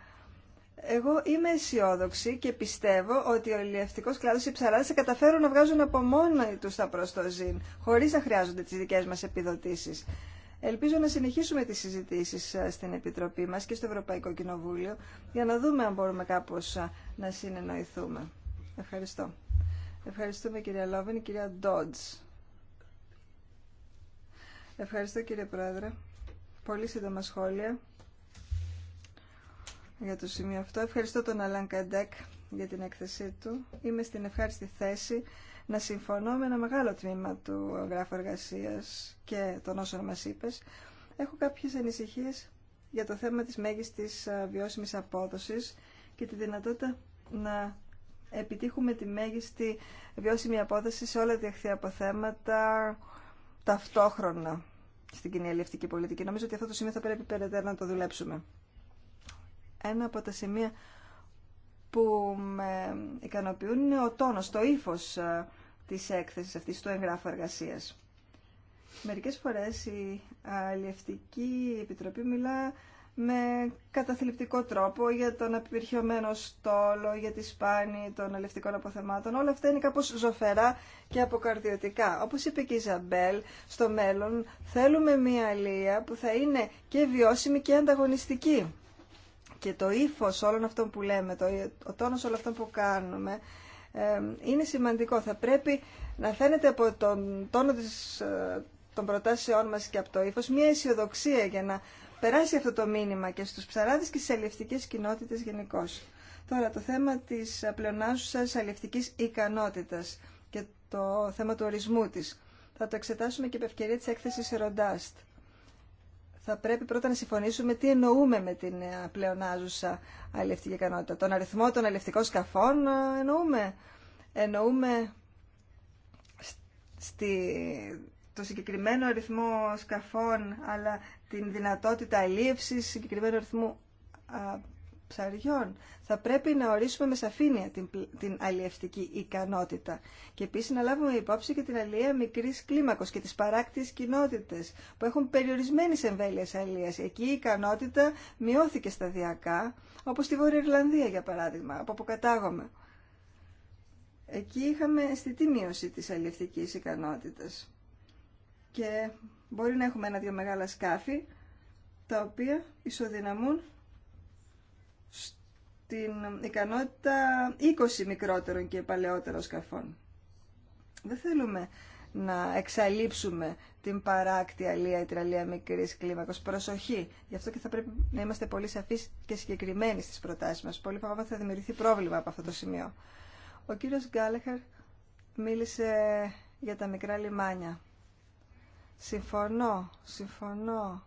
εγώ είμαι αισιόδοξη και πιστεύω ότι ο κλάδος κλάδο οι ψαράδε θα καταφέρουν να βγάζουν από μόνοι του τα προ το ζήν, χωρί να χρειάζονται τι δικέ μα επιδοτήσει. Ελπίζω να συνεχίσουμε τις συζητήσει στην Επιτροπή μας και στο Ευρωπαϊκό Κοινοβούλιο για να δούμε αν μπορούμε κάπως να συνεννοηθούμε. Ευχαριστώ. Ευχαριστούμε κυρία Λόβεν, κυρία Ντότζ. Ευχαριστώ κύριε Πρόεδρε. Πολύ σύντομα σχόλια για το σημείο αυτό. Ευχαριστώ τον Αλάν Καντέκ για την έκθεσή του. Είμαι στην ευχάριστη θέση να συμφωνώ με ένα μεγάλο τμήμα του γράφου εργασία και των όσων μα είπε. Έχω κάποιε ανησυχίε για το θέμα τη μέγιστη βιώσιμη απόδοση και τη δυνατότητα να επιτύχουμε τη μέγιστη βιώσιμη απόδοση σε όλα τα διεχθεία αποθέματα ταυτόχρονα στην κοινή πολιτική. Νομίζω ότι αυτό το σημείο θα πρέπει περαιτέρω να το δουλέψουμε. Ένα από τα σημεία που με ικανοποιούν είναι ο τόνος, το ύφος ε, της έκθεσης αυτής του εγγράφου εργασίας. Μερικές φορές η Αλληλευτική Επιτροπή μιλά με καταθλιπτικό τρόπο για τον απειρχιωμένο στόλο, για τη σπάνη των αλληλευτικών αποθεμάτων. Όλα αυτά είναι κάπως ζωφερά και αποκαρδιωτικά. Όπως είπε και η Ζαμπέλ, στο μέλλον θέλουμε μια αλία που θα είναι και βιώσιμη και ανταγωνιστική και το ύφο όλων αυτών που λέμε, το, ο τόνος όλων αυτών που κάνουμε, είναι σημαντικό. Θα πρέπει να φαίνεται από τον τόνο της, ε, των προτάσεών μα και από το ύφο μια αισιοδοξία για να περάσει αυτό το μήνυμα και στους ψαράδε και στι αλληλευτικέ κοινότητε γενικώ. Τώρα το θέμα της πλεονάζουσας αλληλευτική ικανότητας και το θέμα του ορισμού τη. Θα το εξετάσουμε και επ' ευκαιρία της έκθεσης Ροντάστ θα πρέπει πρώτα να συμφωνήσουμε τι εννοούμε με την ε, πλεονάζουσα αλληλευτική ικανότητα. Τον αριθμό των αλληλευτικών σκαφών ε, εννοούμε. Εννοούμε στη, το συγκεκριμένο αριθμό σκαφών, αλλά την δυνατότητα αλλήλευσης συγκεκριμένου αριθμού ψαριών. Θα πρέπει να ορίσουμε με σαφήνεια την, την αλλιευτική ικανότητα και επίση να λάβουμε υπόψη και την αλληλεία μικρή κλίμακος και τι παράκτιε κοινότητε που έχουν περιορισμένες εμβέλειες αλλιεία. Εκεί η ικανότητα μειώθηκε σταδιακά, όπω στη Βόρεια Ιρλανδία για παράδειγμα, από όπου κατάγομαι. Εκεί είχαμε αισθητή μείωση τη αλλιευτική ικανότητα. Και μπορεί να έχουμε ένα-δυο μεγάλα σκάφη, τα οποία ισοδυναμούν την ικανότητα 20 μικρότερων και παλαιότερων σκαφών. Δεν θέλουμε να εξαλείψουμε την παράκτη αλία ή τραλία μικρή κλίμακο. Προσοχή! Γι' αυτό και θα πρέπει να είμαστε πολύ σαφεί και συγκεκριμένοι στι προτάσει μα. Πολύ φοβάμαι θα δημιουργηθεί πρόβλημα από αυτό το σημείο. Ο κύριο Γκάλεχερ μίλησε για τα μικρά λιμάνια. Συμφωνώ, συμφωνώ.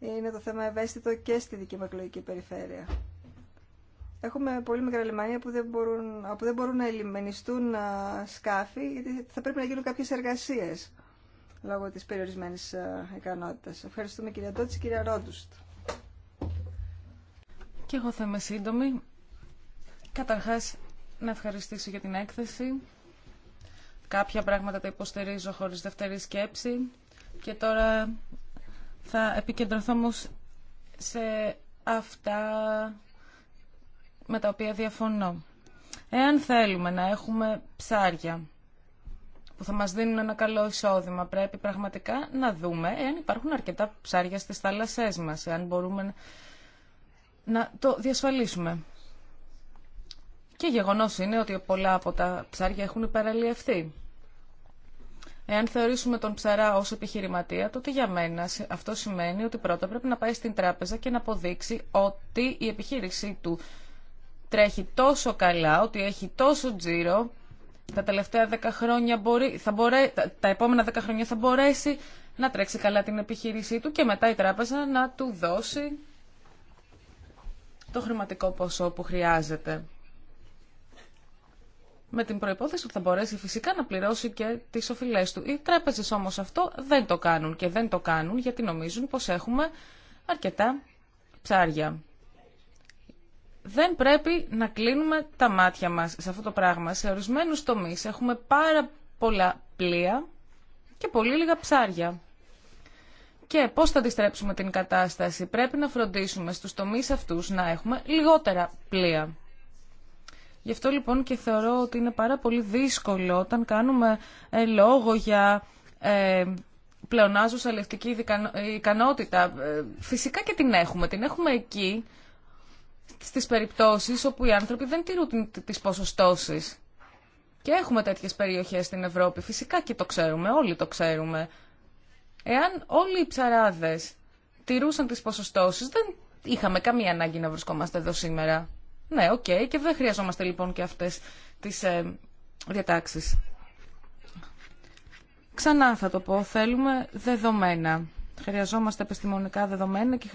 Είναι το θέμα ευαίσθητο και στη δική μου εκλογική περιφέρεια. Έχουμε πολύ μικρά λιμάνια που δεν μπορούν, δεν μπορούν να ελιμενιστούν σκάφη γιατί θα πρέπει να γίνουν κάποιες εργασίες λόγω της περιορισμένης ικανότητας. Ευχαριστούμε κυρία Τότση, κυρία Ρόντουστ. Και εγώ θα είμαι σύντομη. Καταρχάς, να ευχαριστήσω για την έκθεση. Κάποια πράγματα τα υποστηρίζω χωρίς δεύτερη σκέψη. Και τώρα θα επικεντρωθώ όμω σε αυτά με τα οποία διαφωνώ. Εάν θέλουμε να έχουμε ψάρια που θα μας δίνουν ένα καλό εισόδημα, πρέπει πραγματικά να δούμε εάν υπάρχουν αρκετά ψάρια στις θάλασσές μας, εάν μπορούμε να το διασφαλίσουμε. Και γεγονός είναι ότι πολλά από τα ψάρια έχουν υπεραλλιευθεί. Εάν θεωρήσουμε τον ψαρά ως επιχειρηματία, τότε για μένα αυτό σημαίνει ότι πρώτα πρέπει να πάει στην τράπεζα και να αποδείξει ότι η επιχείρησή του τρέχει τόσο καλά, ότι έχει τόσο τζίρο, τα τελευταία 10 χρόνια μπορεί, θα μπορέ, τα, επόμενα 10 χρόνια θα μπορέσει να τρέξει καλά την επιχείρησή του και μετά η τράπεζα να του δώσει το χρηματικό ποσό που χρειάζεται. Με την προϋπόθεση ότι θα μπορέσει φυσικά να πληρώσει και τις οφειλές του. Οι τράπεζες όμως αυτό δεν το κάνουν και δεν το κάνουν γιατί νομίζουν πως έχουμε αρκετά ψάρια δεν πρέπει να κλείνουμε τα μάτια μας σε αυτό το πράγμα. Σε ορισμένους τομείς έχουμε πάρα πολλά πλοία και πολύ λίγα ψάρια. Και πώς θα αντιστρέψουμε την κατάσταση. Πρέπει να φροντίσουμε στους τομείς αυτούς να έχουμε λιγότερα πλοία. Γι' αυτό λοιπόν και θεωρώ ότι είναι πάρα πολύ δύσκολο όταν κάνουμε ε, λόγο για ε, πλεονάζουσα λευτική ικανότητα. Ε, φυσικά και την έχουμε. Την έχουμε εκεί στις περιπτώσεις όπου οι άνθρωποι δεν τηρούν τις ποσοστώσεις. Και έχουμε τέτοιες περιοχές στην Ευρώπη, φυσικά και το ξέρουμε, όλοι το ξέρουμε. Εάν όλοι οι ψαράδες τηρούσαν τις ποσοστώσεις, δεν είχαμε καμία ανάγκη να βρισκόμαστε εδώ σήμερα. Ναι, οκ, και δεν χρειαζόμαστε λοιπόν και αυτές τις ε, διατάξεις. Ξανά θα το πω, θέλουμε δεδομένα. Χρειαζόμαστε επιστημονικά δεδομένα και,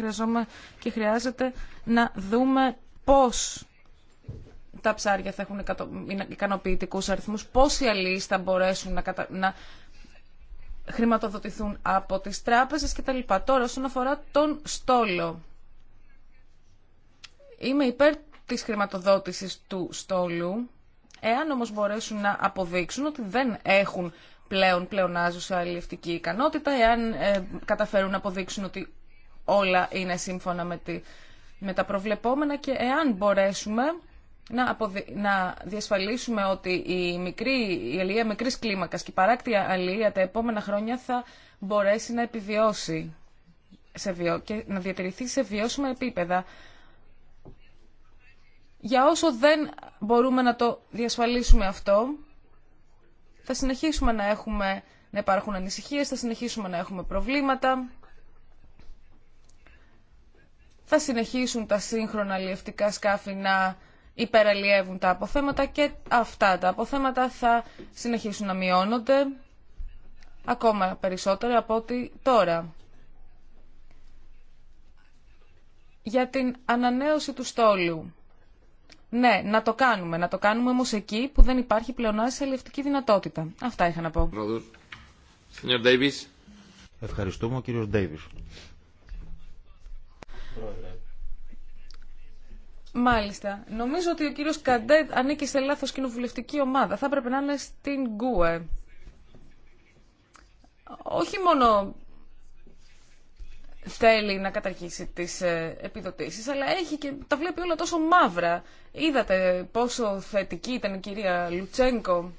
και χρειάζεται να δούμε πώς τα ψάρια θα έχουν ικανοποιητικούς αριθμούς, οι αλληλείς θα μπορέσουν να, να χρηματοδοτηθούν από τις τράπεζες κτλ. Τώρα, όσον αφορά τον στόλο, είμαι υπέρ της χρηματοδότησης του στόλου, εάν όμως μπορέσουν να αποδείξουν ότι δεν έχουν πλέον πλεονάζουσα αλληλευτική ικανότητα, εάν ε, καταφέρουν να αποδείξουν ότι όλα είναι σύμφωνα με, τα προβλεπόμενα και εάν μπορέσουμε να, να διασφαλίσουμε ότι η, μικρή, η αλληλεία μικρής κλίμακας και η παράκτια αλληλεία τα επόμενα χρόνια θα μπορέσει να επιβιώσει σε και να διατηρηθεί σε βιώσιμα επίπεδα. Για όσο δεν μπορούμε να το διασφαλίσουμε αυτό, θα συνεχίσουμε να έχουμε να υπάρχουν ανησυχίες, θα συνεχίσουμε να έχουμε προβλήματα. Θα συνεχίσουν τα σύγχρονα αλλιευτικά σκάφη να υπεραλλιεύουν τα αποθέματα και αυτά τα αποθέματα θα συνεχίσουν να μειώνονται ακόμα περισσότερο από ότι τώρα. Για την ανανέωση του στόλου. Ναι, να το κάνουμε. Να το κάνουμε όμω εκεί που δεν υπάρχει πλεονάσια ελευτική δυνατότητα. Αυτά είχα να πω. Ευχαριστούμε ο κύριος Ντέιβις. Μάλιστα. Νομίζω ότι ο κύριος Καντέτ ανήκει σε λάθος κοινοβουλευτική ομάδα. Θα έπρεπε να είναι στην ΚΟΕ. Όχι μόνο θέλει να καταργήσει τις ε, επιδοτήσεις, αλλά έχει και τα βλέπει όλα τόσο μαύρα. Είδατε πόσο θετική ήταν η κυρία Λουτσέγκο.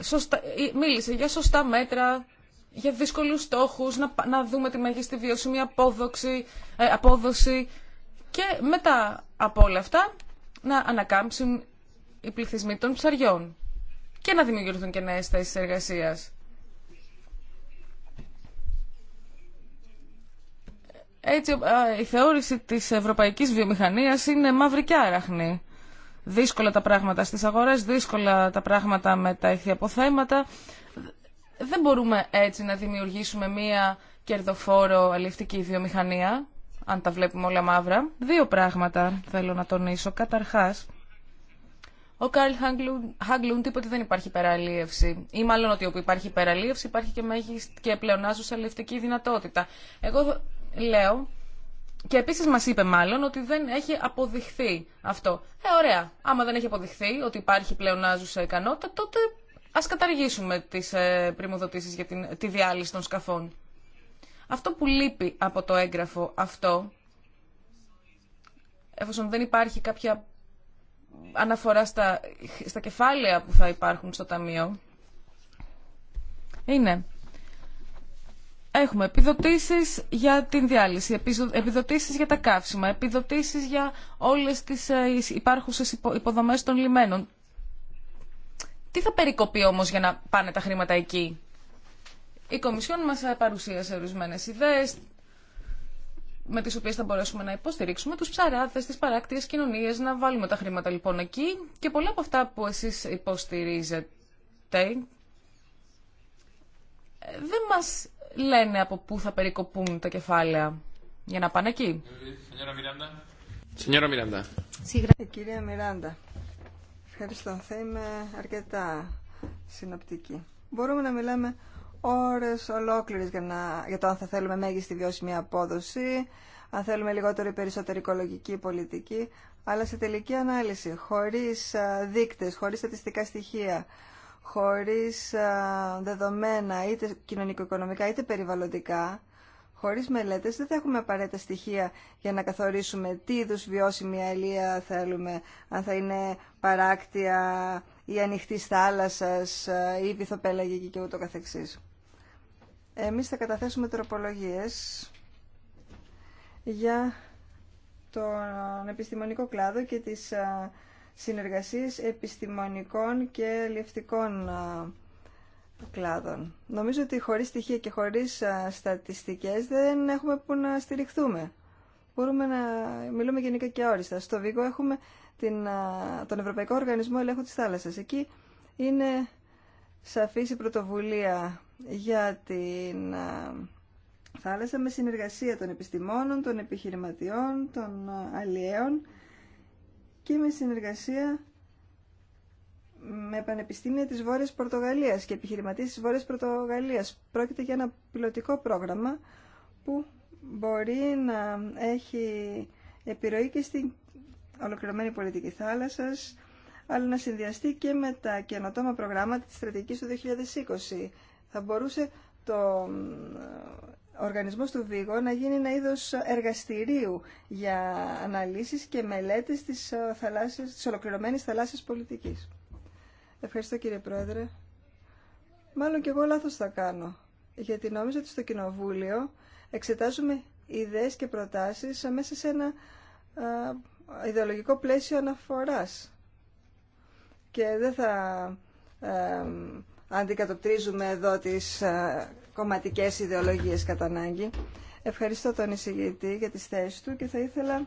Σωστα... Ε, μίλησε για σωστά μέτρα, για δύσκολου στόχου, να, να δούμε τη μέγιστη βιώσιμη απόδοξη, ε, απόδοση και μετά από όλα αυτά να ανακάμψουν οι πληθυσμοί των ψαριών και να δημιουργηθούν και νέες θέσει εργασίας. Έτσι, η θεώρηση της ευρωπαϊκής βιομηχανίας είναι μαύρη και άραχνη. Δύσκολα τα πράγματα στις αγορές, δύσκολα τα πράγματα με τα ηχθιαποθέματα. Δεν μπορούμε έτσι να δημιουργήσουμε μία κερδοφόρο αλληλευτική βιομηχανία, αν τα βλέπουμε όλα μαύρα. Δύο πράγματα θέλω να τονίσω. Καταρχάς, ο Κάρλ Χάγκλουν ότι δεν υπάρχει υπεραλίευση. Ή μάλλον ότι όπου υπάρχει υπεραλίευση υπάρχει και, μέγιστη και πλεονάζουσα δυνατότητα. Εγώ λέω, και επίσης μα είπε μάλλον ότι δεν έχει αποδειχθεί αυτό. Ε, ωραία, άμα δεν έχει αποδειχθεί ότι υπάρχει πλεονάζουσα ικανότητα, τότε α καταργήσουμε τις ε, για τη διάλυση των σκαφών. Αυτό που λείπει από το έγγραφο αυτό, εφόσον δεν υπάρχει κάποια αναφορά στα, στα κεφάλαια που θα υπάρχουν στο Ταμείο, είναι Έχουμε επιδοτήσεις για την διάλυση, επιδοτήσεις για τα καύσιμα, επιδοτήσεις για όλες τις ε, υπάρχουσες υποδομές των λιμένων. Τι θα περικοπεί όμω για να πάνε τα χρήματα εκεί. Η Κομισιόν μας ε, παρουσίασε ορισμένε ιδέες με τις οποίες θα μπορέσουμε να υποστηρίξουμε τους ψαράδες, τις παράκτιες κοινωνίες, να βάλουμε τα χρήματα λοιπόν εκεί και πολλά από αυτά που εσείς υποστηρίζετε ε, δεν μας λένε από πού θα περικοπούν τα κεφάλαια για να πάνε εκεί. Ε, κυρία Μιράντα, ευχαριστώ. Θα είμαι αρκετά συνοπτική. Μπορούμε να μιλάμε ώρες ολόκληρες για, να, για το αν θα θέλουμε μέγιστη βιώσιμη απόδοση, αν θέλουμε λιγότερη περισσότερη οικολογική πολιτική, αλλά σε τελική ανάλυση, χωρίς ε, δείκτες, χωρίς στατιστικά στοιχεία, χωρίς δεδομένα είτε κοινωνικο-οικονομικά είτε περιβαλλοντικά, χωρίς μελέτες δεν θα έχουμε απαραίτητα στοιχεία για να καθορίσουμε τι είδου βιώσιμη αλία θέλουμε, αν θα είναι παράκτια ή ανοιχτή θάλασσα, ή βυθοπέλαγη και ούτω καθεξής. Εμείς θα καταθέσουμε τροπολογίες για τον επιστημονικό κλάδο και τις συνεργασίες επιστημονικών και λευτικών κλάδων. Νομίζω ότι χωρίς στοιχεία και χωρίς στατιστικές δεν έχουμε που να στηριχθούμε. Μπορούμε να μιλούμε γενικά και όριστα. Στο Βίγκο έχουμε την, τον Ευρωπαϊκό Οργανισμό Ελέγχου της Θάλασσας. Εκεί είναι σαφής η πρωτοβουλία για την θάλασσα με συνεργασία των επιστημόνων, των επιχειρηματιών, των αλλιέων και με συνεργασία με πανεπιστήμια της Βόρειας Πορτογαλίας και επιχειρηματίες της Βόρειας Πορτογαλίας. Πρόκειται για ένα πιλωτικό πρόγραμμα που μπορεί να έχει επιρροή και στην ολοκληρωμένη πολιτική θάλασσας, αλλά να συνδυαστεί και με τα καινοτόμα προγράμματα της στρατηγικής του 2020. Θα μπορούσε το οργανισμός του Βίγο να γίνει ένα είδος εργαστηρίου για αναλύσεις και μελέτες της, ε, θαλάσσιας, της ολοκληρωμένης θαλάσσης πολιτικής. Ευχαριστώ κύριε Πρόεδρε. Μάλλον και εγώ λάθος θα κάνω, γιατί νόμιζα ότι στο Κοινοβούλιο εξετάζουμε ιδέες και προτάσεις μέσα σε ένα ε, ιδεολογικό πλαίσιο αναφοράς. Και δεν θα α, ε, αντικατοπτρίζουμε εδώ τις κομματικές ιδεολογίες κατά ανάγκη. Ευχαριστώ τον εισηγητή για τις θέσεις του και θα ήθελα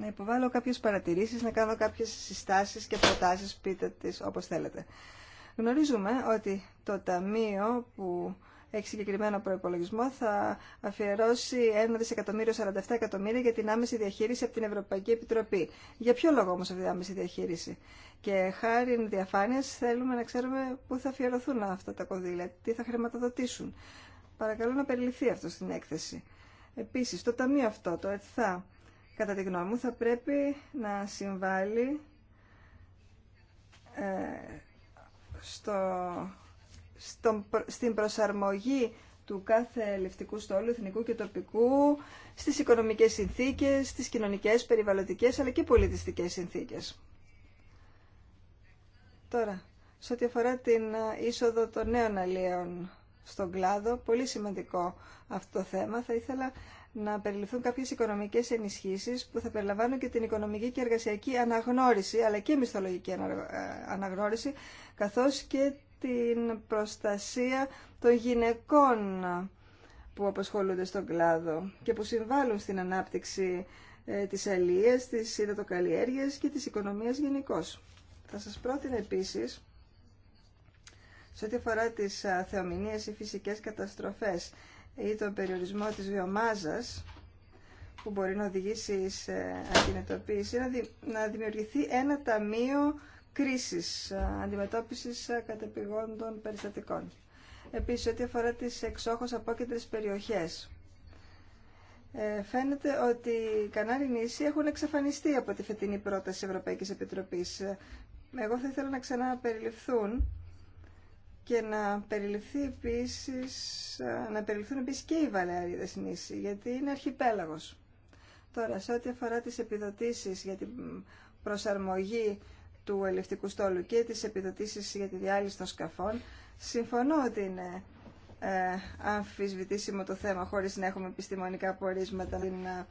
να υποβάλω κάποιες παρατηρήσεις, να κάνω κάποιες συστάσεις και προτάσεις, πείτε τις όπως θέλετε. Γνωρίζουμε ότι το Ταμείο που έχει συγκεκριμένο προπολογισμό, θα αφιερώσει 1 δισεκατομμύριο 47 εκατομμύρια για την άμεση διαχείριση από την Ευρωπαϊκή Επιτροπή. Για ποιο λόγο όμω αυτή η άμεση διαχείριση. Και χάρη διαφάνεια θέλουμε να ξέρουμε πού θα αφιερωθούν αυτά τα κονδύλια, τι θα χρηματοδοτήσουν. Παρακαλώ να περιληφθεί αυτό στην έκθεση. Επίση, το ταμείο αυτό, το ΕΤΘΑ, κατά τη γνώμη μου, θα πρέπει να συμβάλλει ε, στο στην προσαρμογή του κάθε λευτικού στόλου, εθνικού και τοπικού, στις οικονομικές συνθήκες, στις κοινωνικές, περιβαλλοντικές, αλλά και πολιτιστικές συνθήκες. Τώρα, σε ό,τι αφορά την ε, είσοδο των νέων αλλιέων στον κλάδο, πολύ σημαντικό αυτό το θέμα, θα ήθελα να περιληφθούν κάποιες οικονομικές ενισχύσεις που θα περιλαμβάνουν και την οικονομική και εργασιακή αναγνώριση, αλλά και μισθολογική ε, αναγνώριση, καθώς και την προστασία των γυναικών που απασχολούνται στον κλάδο και που συμβάλλουν στην ανάπτυξη ε, της αλίας, της υδατοκαλλιέργειας και της οικονομίας γενικώ. Θα σας πρότεινα επίσης, σε ό,τι αφορά τις θεομηνίες ή φυσικές καταστροφές ή τον περιορισμό της βιομάζας, που μπορεί να οδηγήσει σε ακινητοποίηση, να δημιουργηθεί ένα ταμείο κρίσης, ε, αντιμετώπισης ε, κατεπηγόντων περιστατικών. Επίσης, ό,τι αφορά τις εξόχως απόκεντρες περιοχές, ε, φαίνεται ότι οι Κανάρι νήσοι έχουν εξαφανιστεί από τη φετινή πρόταση Ευρωπαϊκής Επιτροπής. Εγώ θα ήθελα να ξαναπεριληφθούν και να, περιληφθεί επίσης, να περιληφθούν επίσης και οι Βαλεαρίδες νήσοι, γιατί είναι αρχιπέλαγος. Τώρα, σε ό,τι αφορά τις επιδοτήσεις για την προσαρμογή του ελευτικού στόλου και τις επιδοτήσεις για τη διάλυση των σκαφών, συμφωνώ ότι είναι ε, αμφισβητήσιμο το θέμα χωρίς να έχουμε επιστημονικά πορίσματα την ε,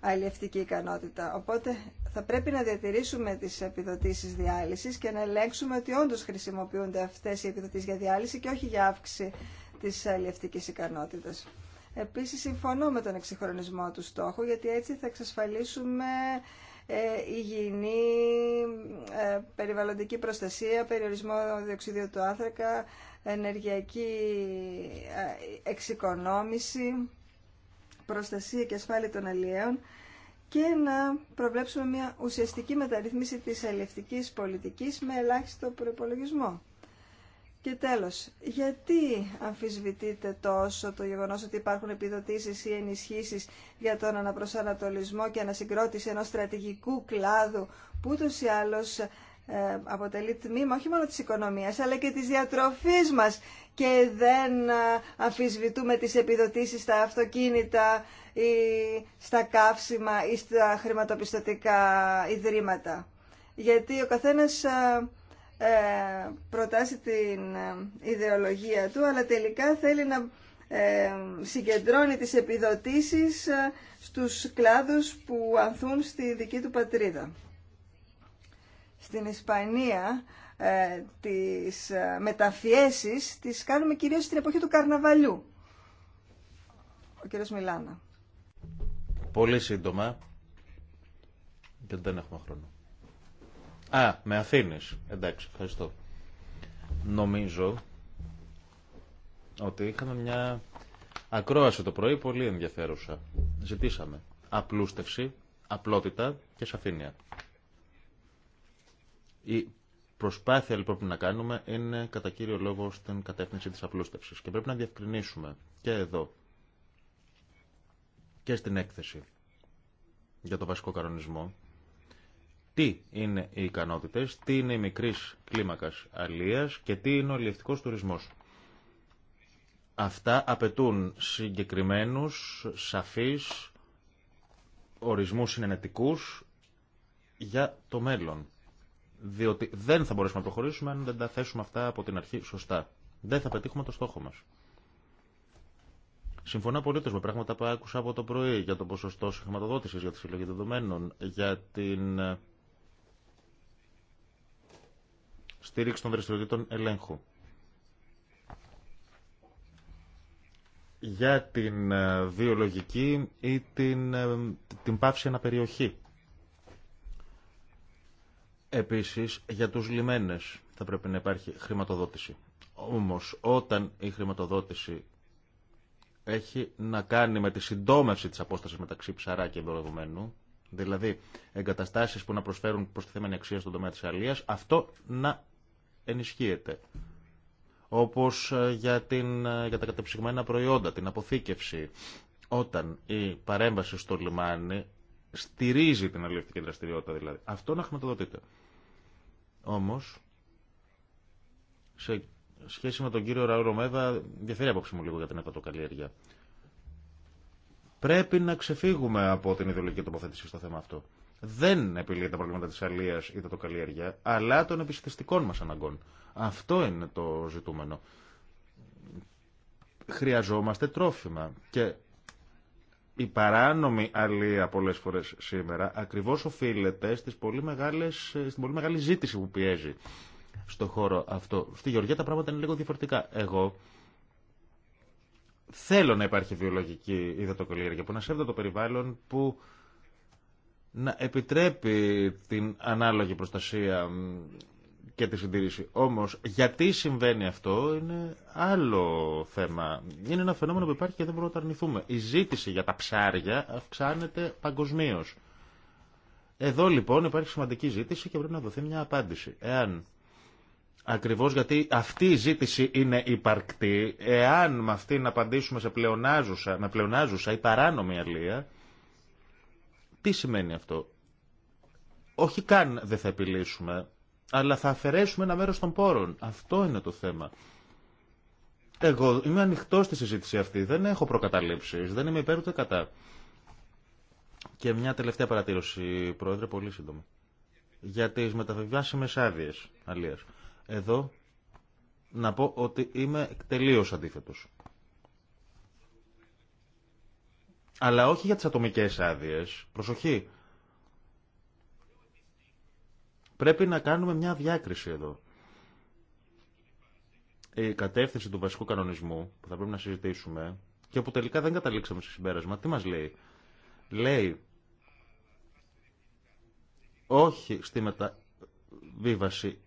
αλληλευτική ικανότητα. Οπότε θα πρέπει να διατηρήσουμε τις επιδοτήσεις διάλυσης και να ελέγξουμε ότι όντως χρησιμοποιούνται αυτές οι επιδοτήσεις για διάλυση και όχι για αύξηση της αλληλευτικής ικανότητας. Επίσης συμφωνώ με τον εξυγχρονισμό του στόχου γιατί έτσι θα εξασφαλίσουμε ε, υγιεινή, ε, περιβαλλοντική προστασία, περιορισμό διοξιδίου του άνθρακα, ενεργειακή ε, εξοικονόμηση, προστασία και ασφάλεια των αλλιέων και να προβλέψουμε μια ουσιαστική μεταρρυθμίση της αλληλευτικής πολιτικής με ελάχιστο προπολογισμό. Και τέλος, γιατί αμφισβητείτε τόσο το γεγονός ότι υπάρχουν επιδοτήσεις ή ενισχύσεις για τον αναπροσανατολισμό και ανασυγκρότηση ενός στρατηγικού κλάδου που ούτως ή άλλως ε, αποτελεί τμήμα όχι μόνο της οικονομίας αλλά και της διατροφής μας και δεν ε, αμφισβητούμε τις επιδοτήσεις στα αυτοκίνητα ή στα καύσιμα ή στα χρηματοπιστωτικά ιδρύματα. Γιατί ο καθένας... Ε, ε, προτάσει την ε, ιδεολογία του, αλλά τελικά θέλει να ε, συγκεντρώνει τις επιδοτήσεις στους κλάδους που ανθούν στη δική του πατρίδα. Στην Ισπανία τις μεταφιέσεις τις κάνουμε κυρίως στην εποχή του καρναβαλιού. Ο κύριος Μιλάνα. Πολύ σύντομα, και δεν έχουμε χρόνο. Α, με αφήνεις. Εντάξει, ευχαριστώ. Νομίζω ότι είχαμε μια ακρόαση το πρωί πολύ ενδιαφέρουσα. Ζητήσαμε απλούστευση, απλότητα και σαφήνεια. Η προσπάθεια λοιπόν που να κάνουμε είναι κατά κύριο λόγο στην κατεύθυνση της απλούστευσης και πρέπει να διευκρινίσουμε και εδώ και στην έκθεση για το βασικό κανονισμό τι είναι οι ικανότητε, τι είναι η μικρή κλίμακα αλίας και τι είναι ο ελευθερικός τουρισμός. Αυτά απαιτούν συγκεκριμένους, σαφείς, ορισμούς συνενετικού για το μέλλον. Διότι δεν θα μπορέσουμε να προχωρήσουμε αν δεν τα θέσουμε αυτά από την αρχή σωστά. Δεν θα πετύχουμε το στόχο μας. Συμφωνώ απολύτω με πράγματα που άκουσα από το πρωί για το ποσοστό συγχρηματοδότηση, για τη συλλογή δεδομένων, για την ε, στήριξη των δραστηριοτήτων ελέγχου. για την ε, βιολογική ή την, ε, την πάυση αναπεριοχή. Επίσης, για τους λιμένες θα πρέπει να υπάρχει χρηματοδότηση. Όμως, όταν η χρηματοδότηση έχει να κάνει με τη συντόμευση της απόστασης μεταξύ ψαρά και εμπορευμένου, δηλαδή εγκαταστάσεις που να προσφέρουν προστιθέμενη αξία στον τομέα της αλίας, αυτό να ενισχύεται. Όπως ε, για, την, ε, για τα κατεψυγμένα προϊόντα, την αποθήκευση. Όταν η παρέμβαση στο λιμάνι στηρίζει την αλληλευτική δραστηριότητα δηλαδή. Αυτό να χρηματοδοτείται. Όμως, σε σχέση με τον κύριο Ραού διαφέρει διαφέρει απόψη μου λίγο για την επατοκαλλιέργεια. Πρέπει να ξεφύγουμε από την ιδεολογική τοποθέτηση στο θέμα αυτό δεν επιλύει τα προβλήματα της αλίας ή το καλλιέργεια, αλλά των επιστημιστικών μας αναγκών. Αυτό είναι το ζητούμενο. Χρειαζόμαστε τρόφιμα και η παράνομη αλεία πολλές φορές σήμερα ακριβώς οφείλεται στις πολύ μεγάλες, στην πολύ μεγάλη ζήτηση που πιέζει στο χώρο αυτό. Στη Γεωργία τα πράγματα είναι λίγο διαφορετικά. Εγώ θέλω να υπάρχει βιολογική υδατοκαλλιέργεια που να σέβεται το περιβάλλον που να επιτρέπει την ανάλογη προστασία και τη συντήρηση. Όμως, γιατί συμβαίνει αυτό είναι άλλο θέμα. Είναι ένα φαινόμενο που υπάρχει και δεν μπορούμε να το αρνηθούμε. Η ζήτηση για τα ψάρια αυξάνεται παγκοσμίω. Εδώ λοιπόν υπάρχει σημαντική ζήτηση και πρέπει να δοθεί μια απάντηση. Εάν ακριβώς γιατί αυτή η ζήτηση είναι υπαρκτή, εάν με αυτήν απαντήσουμε σε πλεονάζουσα, με πλεονάζουσα ή παράνομη αλεία, τι σημαίνει αυτό. Όχι καν δεν θα επιλύσουμε, αλλά θα αφαιρέσουμε ένα μέρος των πόρων. Αυτό είναι το θέμα. Εγώ είμαι ανοιχτό στη συζήτηση αυτή. Δεν έχω προκαταλήψεις. Δεν είμαι υπέρ ούτε κατά. Και μια τελευταία παρατήρωση, Πρόεδρε, πολύ σύντομα. Για τι μεταβιβάσιμε άδειε, Αλία. Εδώ να πω ότι είμαι τελείω αντίθετο. αλλά όχι για τις ατομικές άδειες. Προσοχή. Πρέπει να κάνουμε μια διάκριση εδώ. Η κατεύθυνση του βασικού κανονισμού που θα πρέπει να συζητήσουμε και που τελικά δεν καταλήξαμε σε συμπέρασμα, τι μας λέει. Λέει όχι στη μεταβίβαση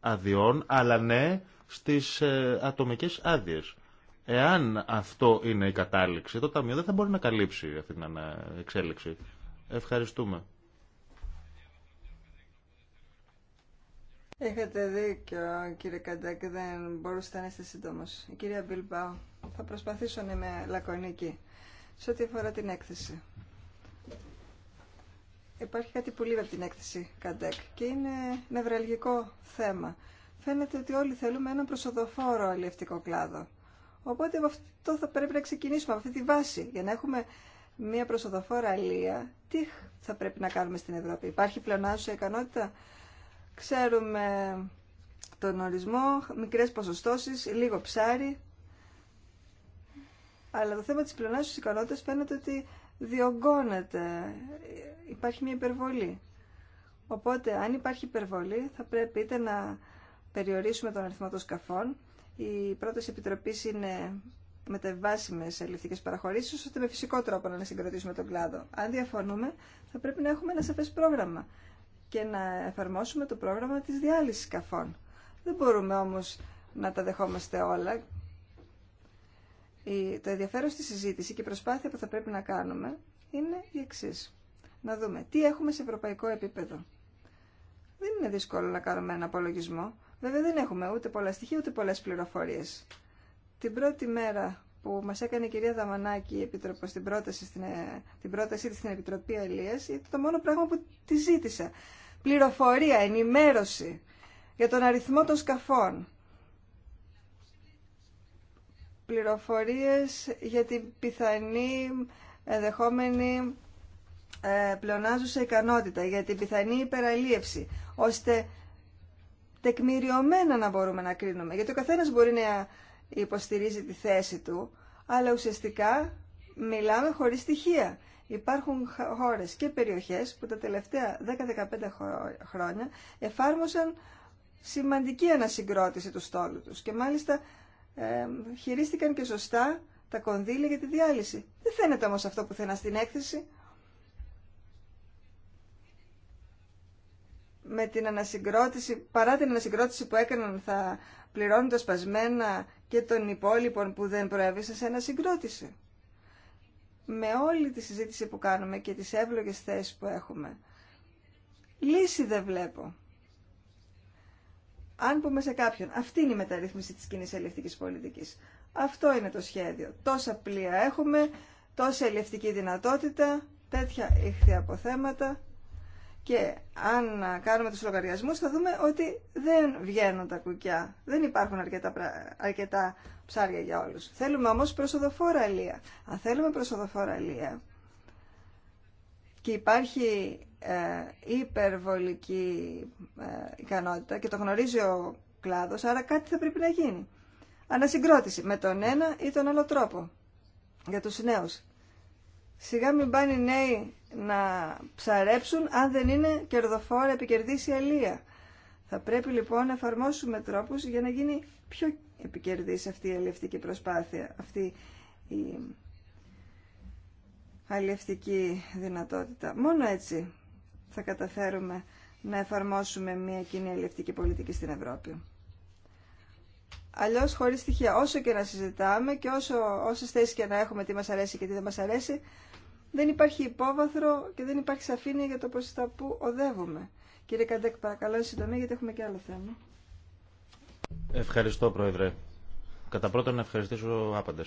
αδειών, αλλά ναι στις ε, ατομικές άδειες. Εάν αυτό είναι η κατάληξη, το Ταμείο δεν θα μπορεί να καλύψει αυτή την εξέλιξη. Ευχαριστούμε. Είχατε δίκιο, κύριε Καντέκ, δεν μπορούσατε να είστε σύντομο. Η κυρία Μπιλμπάου, θα προσπαθήσω να είμαι λακωνική σε ό,τι αφορά την έκθεση. Υπάρχει κάτι που λείπει από την έκθεση Καντέκ και είναι νευραλγικό θέμα. Φαίνεται ότι όλοι θέλουμε έναν προσωδοφόρο αλληλευτικό κλάδο. Οπότε από αυτό θα πρέπει να ξεκινήσουμε, από αυτή τη βάση, για να έχουμε μια προσοδοφόρα αλία. Τι θα πρέπει να κάνουμε στην Ευρώπη. Υπάρχει πλεονάζουσα ικανότητα. Ξέρουμε τον ορισμό, μικρές ποσοστώσεις, λίγο ψάρι. Αλλά το θέμα της πλεονάζουσας ικανότητας φαίνεται ότι διωγγώνεται. Υπάρχει μια υπερβολή. Οπότε, αν υπάρχει υπερβολή, θα πρέπει είτε να περιορίσουμε τον αριθμό των σκαφών, οι πρώτε επιτροπή είναι μεταβάσιμε σε ελληνικέ παραχωρήσει, ώστε με φυσικό τρόπο να συγκρατήσουμε τον κλάδο. Αν διαφωνούμε, θα πρέπει να έχουμε ένα σαφέ πρόγραμμα και να εφαρμόσουμε το πρόγραμμα τη διάλυση σκαφών. Δεν μπορούμε όμω να τα δεχόμαστε όλα. Το ενδιαφέρον στη συζήτηση και η προσπάθεια που θα πρέπει να κάνουμε είναι η εξή. Να δούμε τι έχουμε σε ευρωπαϊκό επίπεδο. Δεν είναι δύσκολο να κάνουμε ένα απολογισμό. Βέβαια δεν έχουμε ούτε πολλά στοιχεία ούτε πολλές πληροφορίες. Την πρώτη μέρα που μας έκανε η κυρία Δαμανάκη η Επίτροπος την πρόταση, στην, ε, την πρόταση της στην Επιτροπή ελεία ήταν το μόνο πράγμα που τη ζήτησα. Πληροφορία, ενημέρωση για τον αριθμό των σκαφών. Πληροφορίες για την πιθανή ενδεχόμενη ε, πλεονάζουσα ικανότητα, για την πιθανή υπεραλίευση, ώστε τεκμηριωμένα να μπορούμε να κρίνουμε. Γιατί ο καθένα μπορεί να υποστηρίζει τη θέση του, αλλά ουσιαστικά μιλάμε χωρίς στοιχεία. Υπάρχουν χώρε και περιοχές που τα τελευταία 10-15 χρόνια εφάρμοσαν σημαντική ανασυγκρότηση του στόλου τους και μάλιστα ε, χειρίστηκαν και σωστά τα κονδύλια για τη διάλυση. Δεν φαίνεται όμως αυτό που θένα στην έκθεση. με την ανασυγκρότηση, παρά την ανασυγκρότηση που έκαναν θα πληρώνουν τα σπασμένα και των υπόλοιπων που δεν προέβησαν σε ανασυγκρότηση. Με όλη τη συζήτηση που κάνουμε και τις εύλογες θέσεις που έχουμε, λύση δεν βλέπω. Αν πούμε σε κάποιον, αυτή είναι η μεταρρύθμιση της κοινή ελευθερικής πολιτικής. Αυτό είναι το σχέδιο. Τόσα πλοία έχουμε, τόσα ελευθερική δυνατότητα, τέτοια ήχθη αποθέματα και αν κάνουμε τους λογαριασμούς θα δούμε ότι δεν βγαίνουν τα κουκιά. Δεν υπάρχουν αρκετά, αρκετά ψάρια για όλους. Θέλουμε όμως προσοδοφόρα αλεία. Αν θέλουμε προσοδοφόρα αλεία και υπάρχει ε, υπερβολική ε, ικανότητα και το γνωρίζει ο κλάδος, άρα κάτι θα πρέπει να γίνει. Ανασυγκρότηση με τον ένα ή τον άλλο τρόπο για τους νέους. Σιγά μην πάνε οι νέοι να ψαρέψουν αν δεν είναι κερδοφόρα επικερδής η αλεία. Θα πρέπει λοιπόν να εφαρμόσουμε τρόπους για να γίνει πιο επικερδής αυτή η αλληλευτική προσπάθεια, αυτή η αλληλευτική δυνατότητα. Μόνο έτσι θα καταφέρουμε να εφαρμόσουμε μια κοινή αλληλευτική πολιτική στην Ευρώπη. Αλλιώς, χωρίς στοιχεία, όσο και να συζητάμε και όσο, όσε θέσει και να έχουμε, τι μας αρέσει και τι δεν μας αρέσει, δεν υπάρχει υπόβαθρο και δεν υπάρχει σαφήνεια για το πως θα που οδεύομαι. Κύριε Καντέκ, παρακαλώ, συντομή, γιατί έχουμε και άλλο θέμα. Ευχαριστώ, Πρόεδρε. Κατά πρώτον, να ευχαριστήσω άπαντε.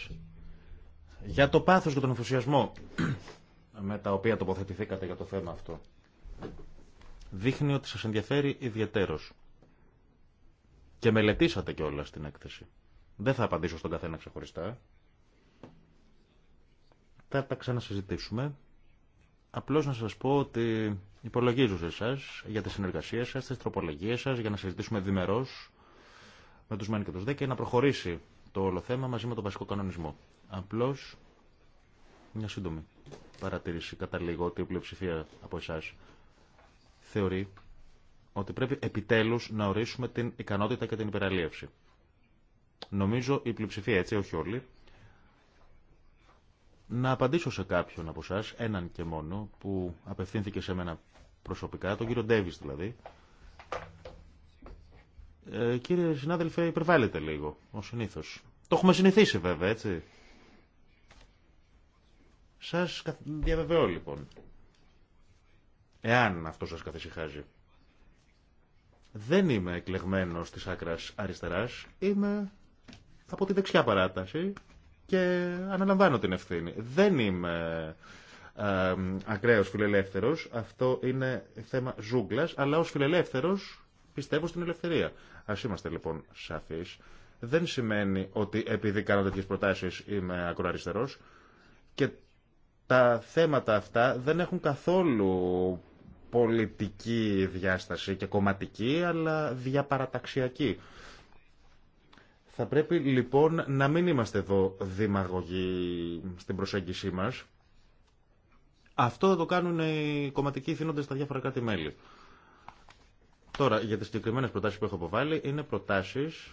Για το πάθος και τον ενθουσιασμό με τα οποία τοποθετηθήκατε για το θέμα αυτό. Δείχνει ότι σας ενδιαφέρει ιδιαίτερο. Και μελετήσατε κιόλα την έκθεση. Δεν θα απαντήσω στον καθένα ξεχωριστά θα τα ξανασυζητήσουμε. Απλώς να σας πω ότι υπολογίζω σε εσά για τη συνεργασία σας, τις τροπολογίες σας, για να συζητήσουμε διμερώς με τους ΜΕΝ και του ΔΕ και να προχωρήσει το όλο θέμα μαζί με τον βασικό κανονισμό. Απλώς μια σύντομη παρατήρηση κατά ότι η πλειοψηφία από εσά θεωρεί ότι πρέπει επιτέλους να ορίσουμε την ικανότητα και την υπεραλίευση. Νομίζω η πλειοψηφία έτσι, όχι όλοι, να απαντήσω σε κάποιον από εσά, έναν και μόνο, που απευθύνθηκε σε μένα προσωπικά, τον κύριο Ντέβις δηλαδή. Ε, κύριε συνάδελφε, υπερβάλλετε λίγο, ως συνήθως. Το έχουμε συνηθίσει βέβαια, έτσι. Σας διαβεβαιώ λοιπόν. Εάν αυτό σας καθησυχάζει. Δεν είμαι εκλεγμένος της άκρας αριστεράς, είμαι από τη δεξιά παράταση και αναλαμβάνω την ευθύνη. Δεν είμαι ε, ακραίος φιλελεύθερος, αυτό είναι θέμα ζούγκλας, αλλά ως φιλελεύθερος πιστεύω στην ελευθερία. Ας είμαστε λοιπόν σαφείς. Δεν σημαίνει ότι επειδή κάνω τέτοιες προτάσεις είμαι ακροαριστερός και τα θέματα αυτά δεν έχουν καθόλου πολιτική διάσταση και κομματική, αλλά διαπαραταξιακή. Θα πρέπει λοιπόν να μην είμαστε εδώ δημαγωγοί στην προσέγγιση μας. Αυτό θα το κάνουν οι κομματικοί θύνοντες στα διάφορα κράτη-μέλη. Τώρα, για τις συγκεκριμένε προτάσεις που έχω αποβάλει, είναι προτάσεις...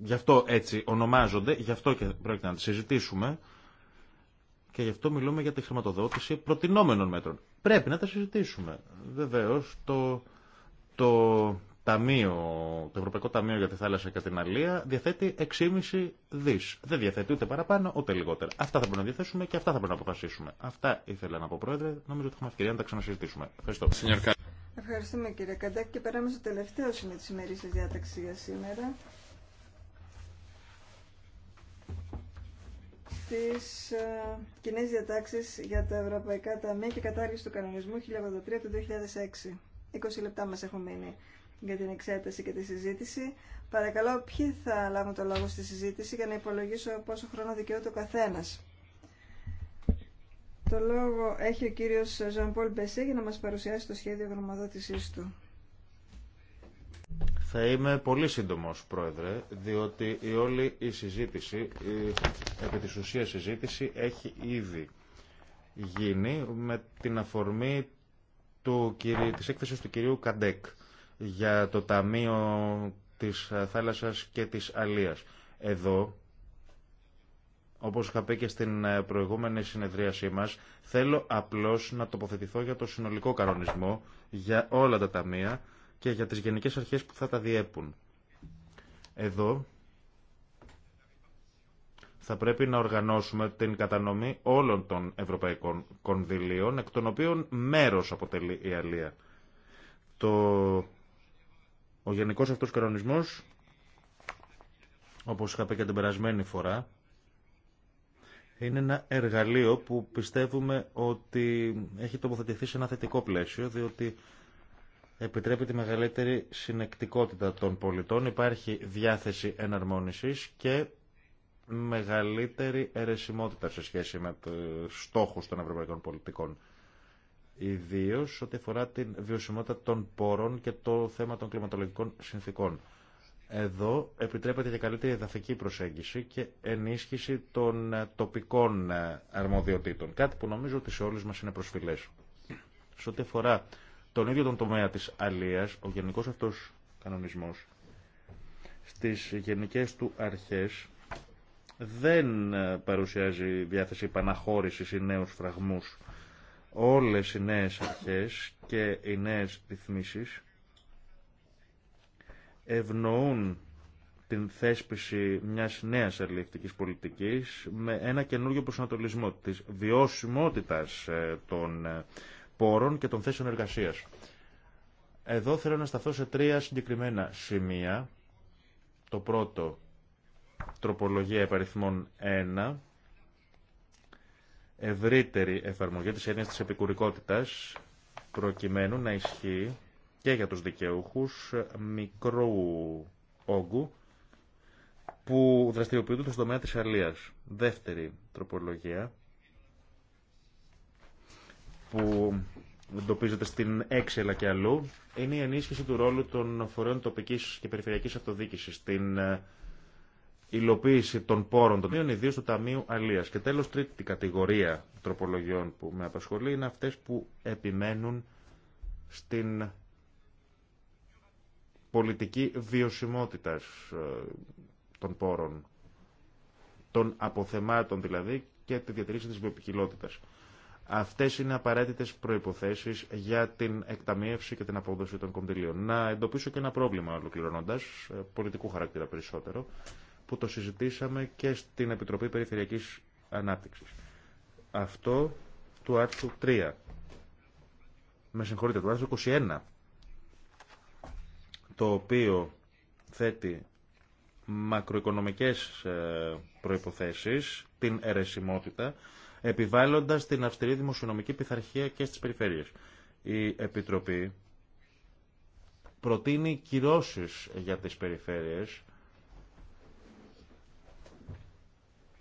Γι' αυτό έτσι ονομάζονται, γι' αυτό και πρόκειται να τις συζητήσουμε και γι' αυτό μιλούμε για τη χρηματοδότηση προτινόμενων μέτρων. Πρέπει να τα συζητήσουμε. Βεβαίως, το, το ταμείο, το Ευρωπαϊκό Ταμείο για τη Θάλασσα και την Αλία διαθέτει 6,5 δι. Δεν διαθέτει ούτε παραπάνω ούτε λιγότερα. Αυτά θα πρέπει να διαθέσουμε και αυτά θα πρέπει να αποφασίσουμε. Αυτά ήθελα να πω, Πρόεδρε. Νομίζω ότι έχουμε ευκαιρία να τα ξανασυζητήσουμε. Ευχαριστώ. Ευχαριστούμε κύριε Καντάκη και περάμε στο τελευταίο σημείο τη ημερήσια διάταξη για σήμερα. Τι ε, κοινέ διατάξει για τα Ευρωπαϊκά Ταμεία και κατάργηση του κανονισμού 1083 του 2006. 20 λεπτά μα έχουν μείνει για την εξέταση και τη συζήτηση. Παρακαλώ, ποιοι θα λάβουν το λόγο στη συζήτηση για να υπολογίσω πόσο χρόνο δικαιούται ο καθένας. Το λόγο έχει ο κύριος Ζαν Πολ Μπεσέ για να μας παρουσιάσει το σχέδιο γνωμοδότησής του. Θα είμαι πολύ σύντομος, Πρόεδρε, διότι η όλη η συζήτηση, η, επί της συζήτηση, έχει ήδη γίνει με την αφορμή τη της του κυρίου Καντέκ για το Ταμείο της Θάλασσας και της Αλίας. Εδώ, όπως είχα πει και στην προηγούμενη συνεδρίασή μας, θέλω απλώς να τοποθετηθώ για το συνολικό κανονισμό, για όλα τα ταμεία και για τις γενικές αρχές που θα τα διέπουν. Εδώ θα πρέπει να οργανώσουμε την κατανομή όλων των ευρωπαϊκών κονδυλίων, εκ των οποίων μέρος αποτελεί η Αλία. Το ο γενικός αυτό κανονισμό, όπω είχα πει και την περασμένη φορά, είναι ένα εργαλείο που πιστεύουμε ότι έχει τοποθετηθεί σε ένα θετικό πλαίσιο, διότι επιτρέπει τη μεγαλύτερη συνεκτικότητα των πολιτών, υπάρχει διάθεση εναρμόνισης και μεγαλύτερη αιρεσιμότητα σε σχέση με τους στόχους των ευρωπαϊκών πολιτικών ιδίω ό,τι αφορά την βιωσιμότητα των πόρων και το θέμα των κλιματολογικών συνθήκων. Εδώ επιτρέπεται για καλύτερη εδαφική προσέγγιση και ενίσχυση των ε, τοπικών ε, αρμοδιοτήτων. Κάτι που νομίζω ότι σε όλους μας είναι προσφυλές. Σε ό,τι αφορά τον ίδιο τον τομέα της αλίας, ο γενικός αυτός κανονισμός στις γενικές του αρχές δεν ε, παρουσιάζει διάθεση επαναχώρησης ή νέους φραγμούς όλες οι νέες αρχές και οι νέες ρυθμίσεις ευνοούν την θέσπιση μιας νέας αλληλεκτικής πολιτικής με ένα καινούργιο προσανατολισμό της βιώσιμότητας ε, των ε, πόρων και των θέσεων εργασίας. Εδώ θέλω να σταθώ σε τρία συγκεκριμένα σημεία. Το πρώτο, τροπολογία επαριθμών 1, ευρύτερη εφαρμογή της έννοιας της επικουρικότητας προκειμένου να ισχύει και για τους δικαιούχους μικρού όγκου που δραστηριοποιούνται στον τομέα της αλίας. Δεύτερη τροπολογία που εντοπίζεται στην έξελα και αλλού είναι η ενίσχυση του ρόλου των φορέων τοπικής και περιφερειακής αυτοδίκησης στην ε, υλοποίηση των πόρων των ταμείων, ιδίω του Ταμείου Αλία. Και τέλο, τρίτη κατηγορία τροπολογιών που με απασχολεί είναι αυτέ που επιμένουν στην πολιτική βιωσιμότητα ε, των πόρων, των αποθεμάτων δηλαδή και τη διατηρήση της βιοποικιλότητας. Αυτές είναι απαραίτητες προϋποθέσεις για την εκταμείευση και την απόδοση των κοντιλίων. Να εντοπίσω και ένα πρόβλημα ολοκληρώνοντα ε, πολιτικού χαρακτήρα περισσότερο, που το συζητήσαμε και στην Επιτροπή Περιφερειακής Ανάπτυξης. Αυτό του άρθρου 3. Με συγχωρείτε, του άρθρου 21. Το οποίο θέτει μακροοικονομικές ε, προϋποθέσεις, την αιρεσιμότητα, επιβάλλοντας την αυστηρή δημοσιονομική πειθαρχία και στις περιφέρειες. Η Επιτροπή προτείνει κυρώσεις για τις περιφέρειες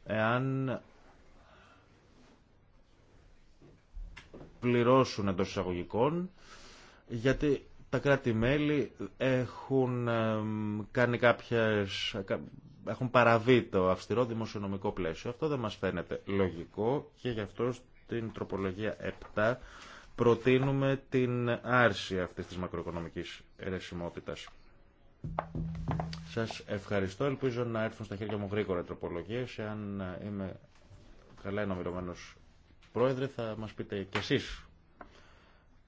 εάν πληρώσουν εντό εισαγωγικών, γιατί τα κράτη-μέλη έχουν κάνει κάποιες, έχουν παραβεί το αυστηρό δημοσιονομικό πλαίσιο. Αυτό δεν μας φαίνεται λογικό και γι' αυτό στην τροπολογία 7 προτείνουμε την άρση αυτής της μακροοικονομικής ερεσιμότητας. Σα ευχαριστώ. Ελπίζω να έρθουν στα χέρια μου γρήγορα τροπολογίες. Εάν είμαι καλά ενωμηρωμένος πρόεδρε, θα μα πείτε κι εσεί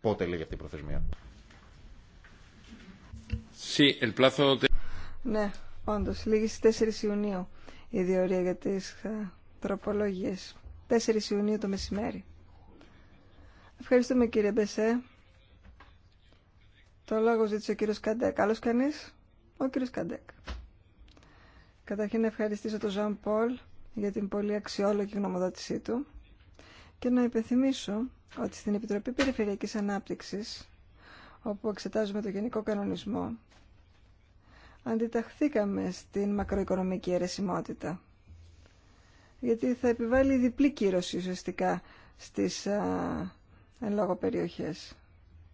πότε λέγεται αυτή η προθεσμία. Ναι, όντω, λίγη στι 4 Ιουνίου η διορία για τι ε, τροπολογίε. 4 Ιουνίου το μεσημέρι. Ευχαριστούμε κύριε Μπεσέ. Το λόγο ζήτησε ο κύριο Καντέ. Καλώς κανεί. Ο κ. Καντέκ. Καταρχήν να ευχαριστήσω τον Ζαν Πολ για την πολύ αξιόλογη γνωμοδότησή του και να υπενθυμίσω ότι στην Επιτροπή Περιφερειακής Ανάπτυξης, όπου εξετάζουμε το Γενικό Κανονισμό, αντιταχθήκαμε στην μακροοικονομική αιρεσιμότητα. Γιατί θα επιβάλλει διπλή κύρωση ουσιαστικά στις εν λόγω περιοχές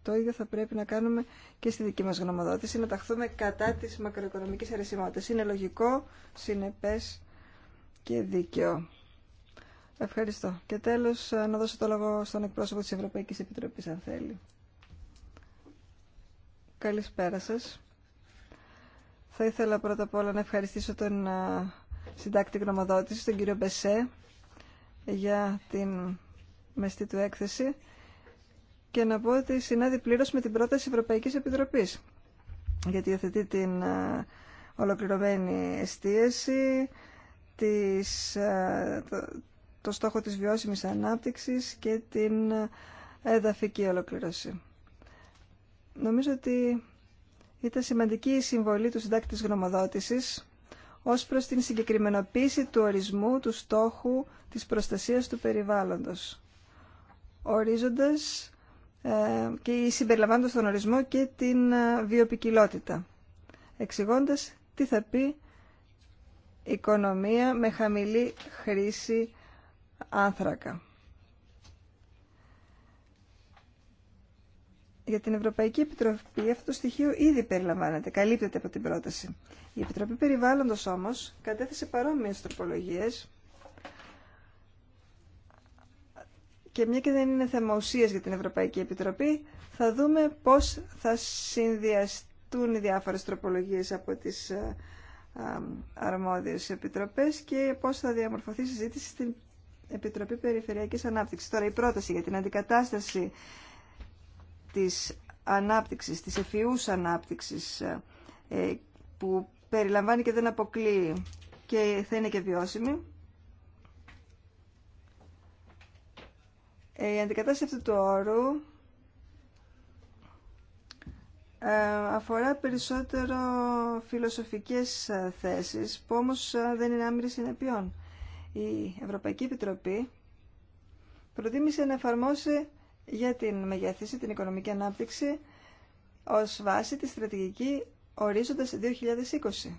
το ίδιο θα πρέπει να κάνουμε και στη δική μας γνωμοδότηση, να ταχθούμε κατά της μακροοικονομικής αρεσιμότητας. Είναι λογικό, συνεπές και δίκαιο. Ευχαριστώ. Και τέλος, να δώσω το λόγο στον εκπρόσωπο της Ευρωπαϊκής Επιτροπής, αν θέλει. Καλησπέρα σας. Θα ήθελα πρώτα απ' όλα να ευχαριστήσω τον συντάκτη γνωμοδότηση, τον κύριο Μπεσέ, για την μεστή του έκθεση και να πω ότι συνάδει πλήρως με την πρόταση Ευρωπαϊκής Επιτροπής γιατί υιοθετεί την ε, ολοκληρωμένη εστίαση, της, ε, το, στόχο της βιώσιμης ανάπτυξης και την εδαφική ολοκλήρωση. Νομίζω ότι ήταν σημαντική η συμβολή του συντάκτης γνωμοδότησης ως προς την συγκεκριμενοποίηση του ορισμού του στόχου της προστασίας του περιβάλλοντος, ορίζοντας ε, και συμπεριλαμβάνοντας τον ορισμό και την ε, βιοπικιλότητα, εξηγώντας τι θα πει οικονομία με χαμηλή χρήση άνθρακα. Για την Ευρωπαϊκή Επιτροπή αυτό το στοιχείο ήδη περιλαμβάνεται, καλύπτεται από την πρόταση. Η Επιτροπή Περιβάλλοντος όμως κατέθεσε παρόμοιες τροπολογίες Και μια και δεν είναι θέμα για την Ευρωπαϊκή Επιτροπή, θα δούμε πώς θα συνδυαστούν οι διάφορες τροπολογίες από τις ε, αρμόδιες επιτροπές και πώς θα διαμορφωθεί η συζήτηση στην Επιτροπή Περιφερειακής Ανάπτυξης. Τώρα η πρόταση για την αντικατάσταση της ανάπτυξης, της εφιούς ανάπτυξης ε, ε, που περιλαμβάνει και δεν αποκλείει και θα είναι και βιώσιμη Ε, η αντικατάσταση αυτού του όρου ε, αφορά περισσότερο φιλοσοφικές ε, θέσεις που όμως δεν είναι άμυρη συνεπειών. Η Ευρωπαϊκή Επιτροπή προτίμησε να εφαρμόσει για την μεγέθυνση, την οικονομική ανάπτυξη ως βάση τη στρατηγική ορίζοντας 2020.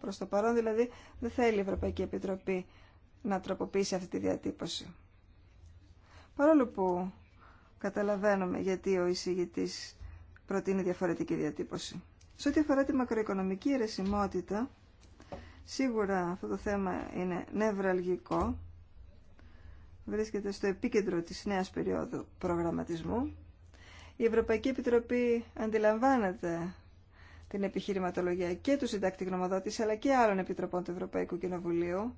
Προς το παρόν δηλαδή δεν θέλει η Ευρωπαϊκή Επιτροπή να τροποποιήσει αυτή τη διατύπωση. Παρόλο που καταλαβαίνουμε γιατί ο εισηγητή προτείνει διαφορετική διατύπωση. Σε ό,τι αφορά τη μακροοικονομική αιρεσιμότητα, σίγουρα αυτό το θέμα είναι νευραλγικό, βρίσκεται στο επίκεντρο της νέας περίοδου προγραμματισμού. Η Ευρωπαϊκή Επιτροπή αντιλαμβάνεται την επιχειρηματολογία και του συντάκτη γνωμοδότης, αλλά και άλλων επιτροπών του Ευρωπαϊκού Κοινοβουλίου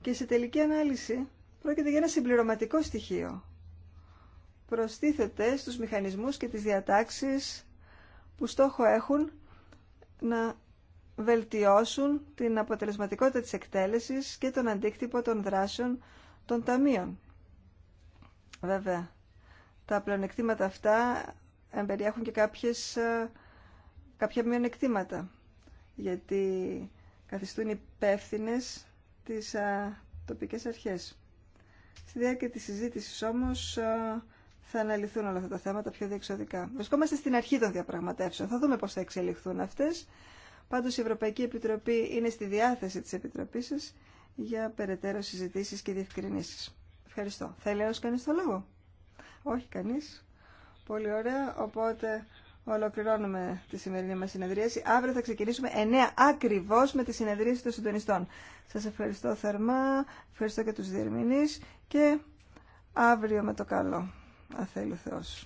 και σε τελική ανάλυση πρόκειται για ένα συμπληρωματικό στοιχείο. Προστίθεται στους μηχανισμούς και τις διατάξεις που στόχο έχουν να βελτιώσουν την αποτελεσματικότητα της εκτέλεσης και τον αντίκτυπο των δράσεων των ταμείων. Βέβαια, τα πλεονεκτήματα αυτά εμπεριέχουν και κάποιες, ε, κάποια μειονεκτήματα, γιατί καθιστούν υπεύθυνε τις α, ε, τοπικές αρχές. Στη διάρκεια της συζήτηση όμως ε, θα αναλυθούν όλα αυτά τα θέματα πιο διεξοδικά. Βρισκόμαστε στην αρχή των διαπραγματεύσεων. Θα δούμε πώς θα εξελιχθούν αυτές. Πάντως η Ευρωπαϊκή Επιτροπή είναι στη διάθεση της Επιτροπής σας για περαιτέρω συζητήσεις και διευκρινήσεις. Ευχαριστώ. Θέλει έως κανείς το λόγο. Όχι κανείς. Πολύ ωραία. Οπότε ολοκληρώνουμε τη σημερινή μα συνεδρίαση. Αύριο θα ξεκινήσουμε 9 ακριβώ με τη συνεδρίαση των συντονιστών. Σας ευχαριστώ θερμά, ευχαριστώ και τους διερμηνείς και αύριο με το καλό, αν ο Θεός.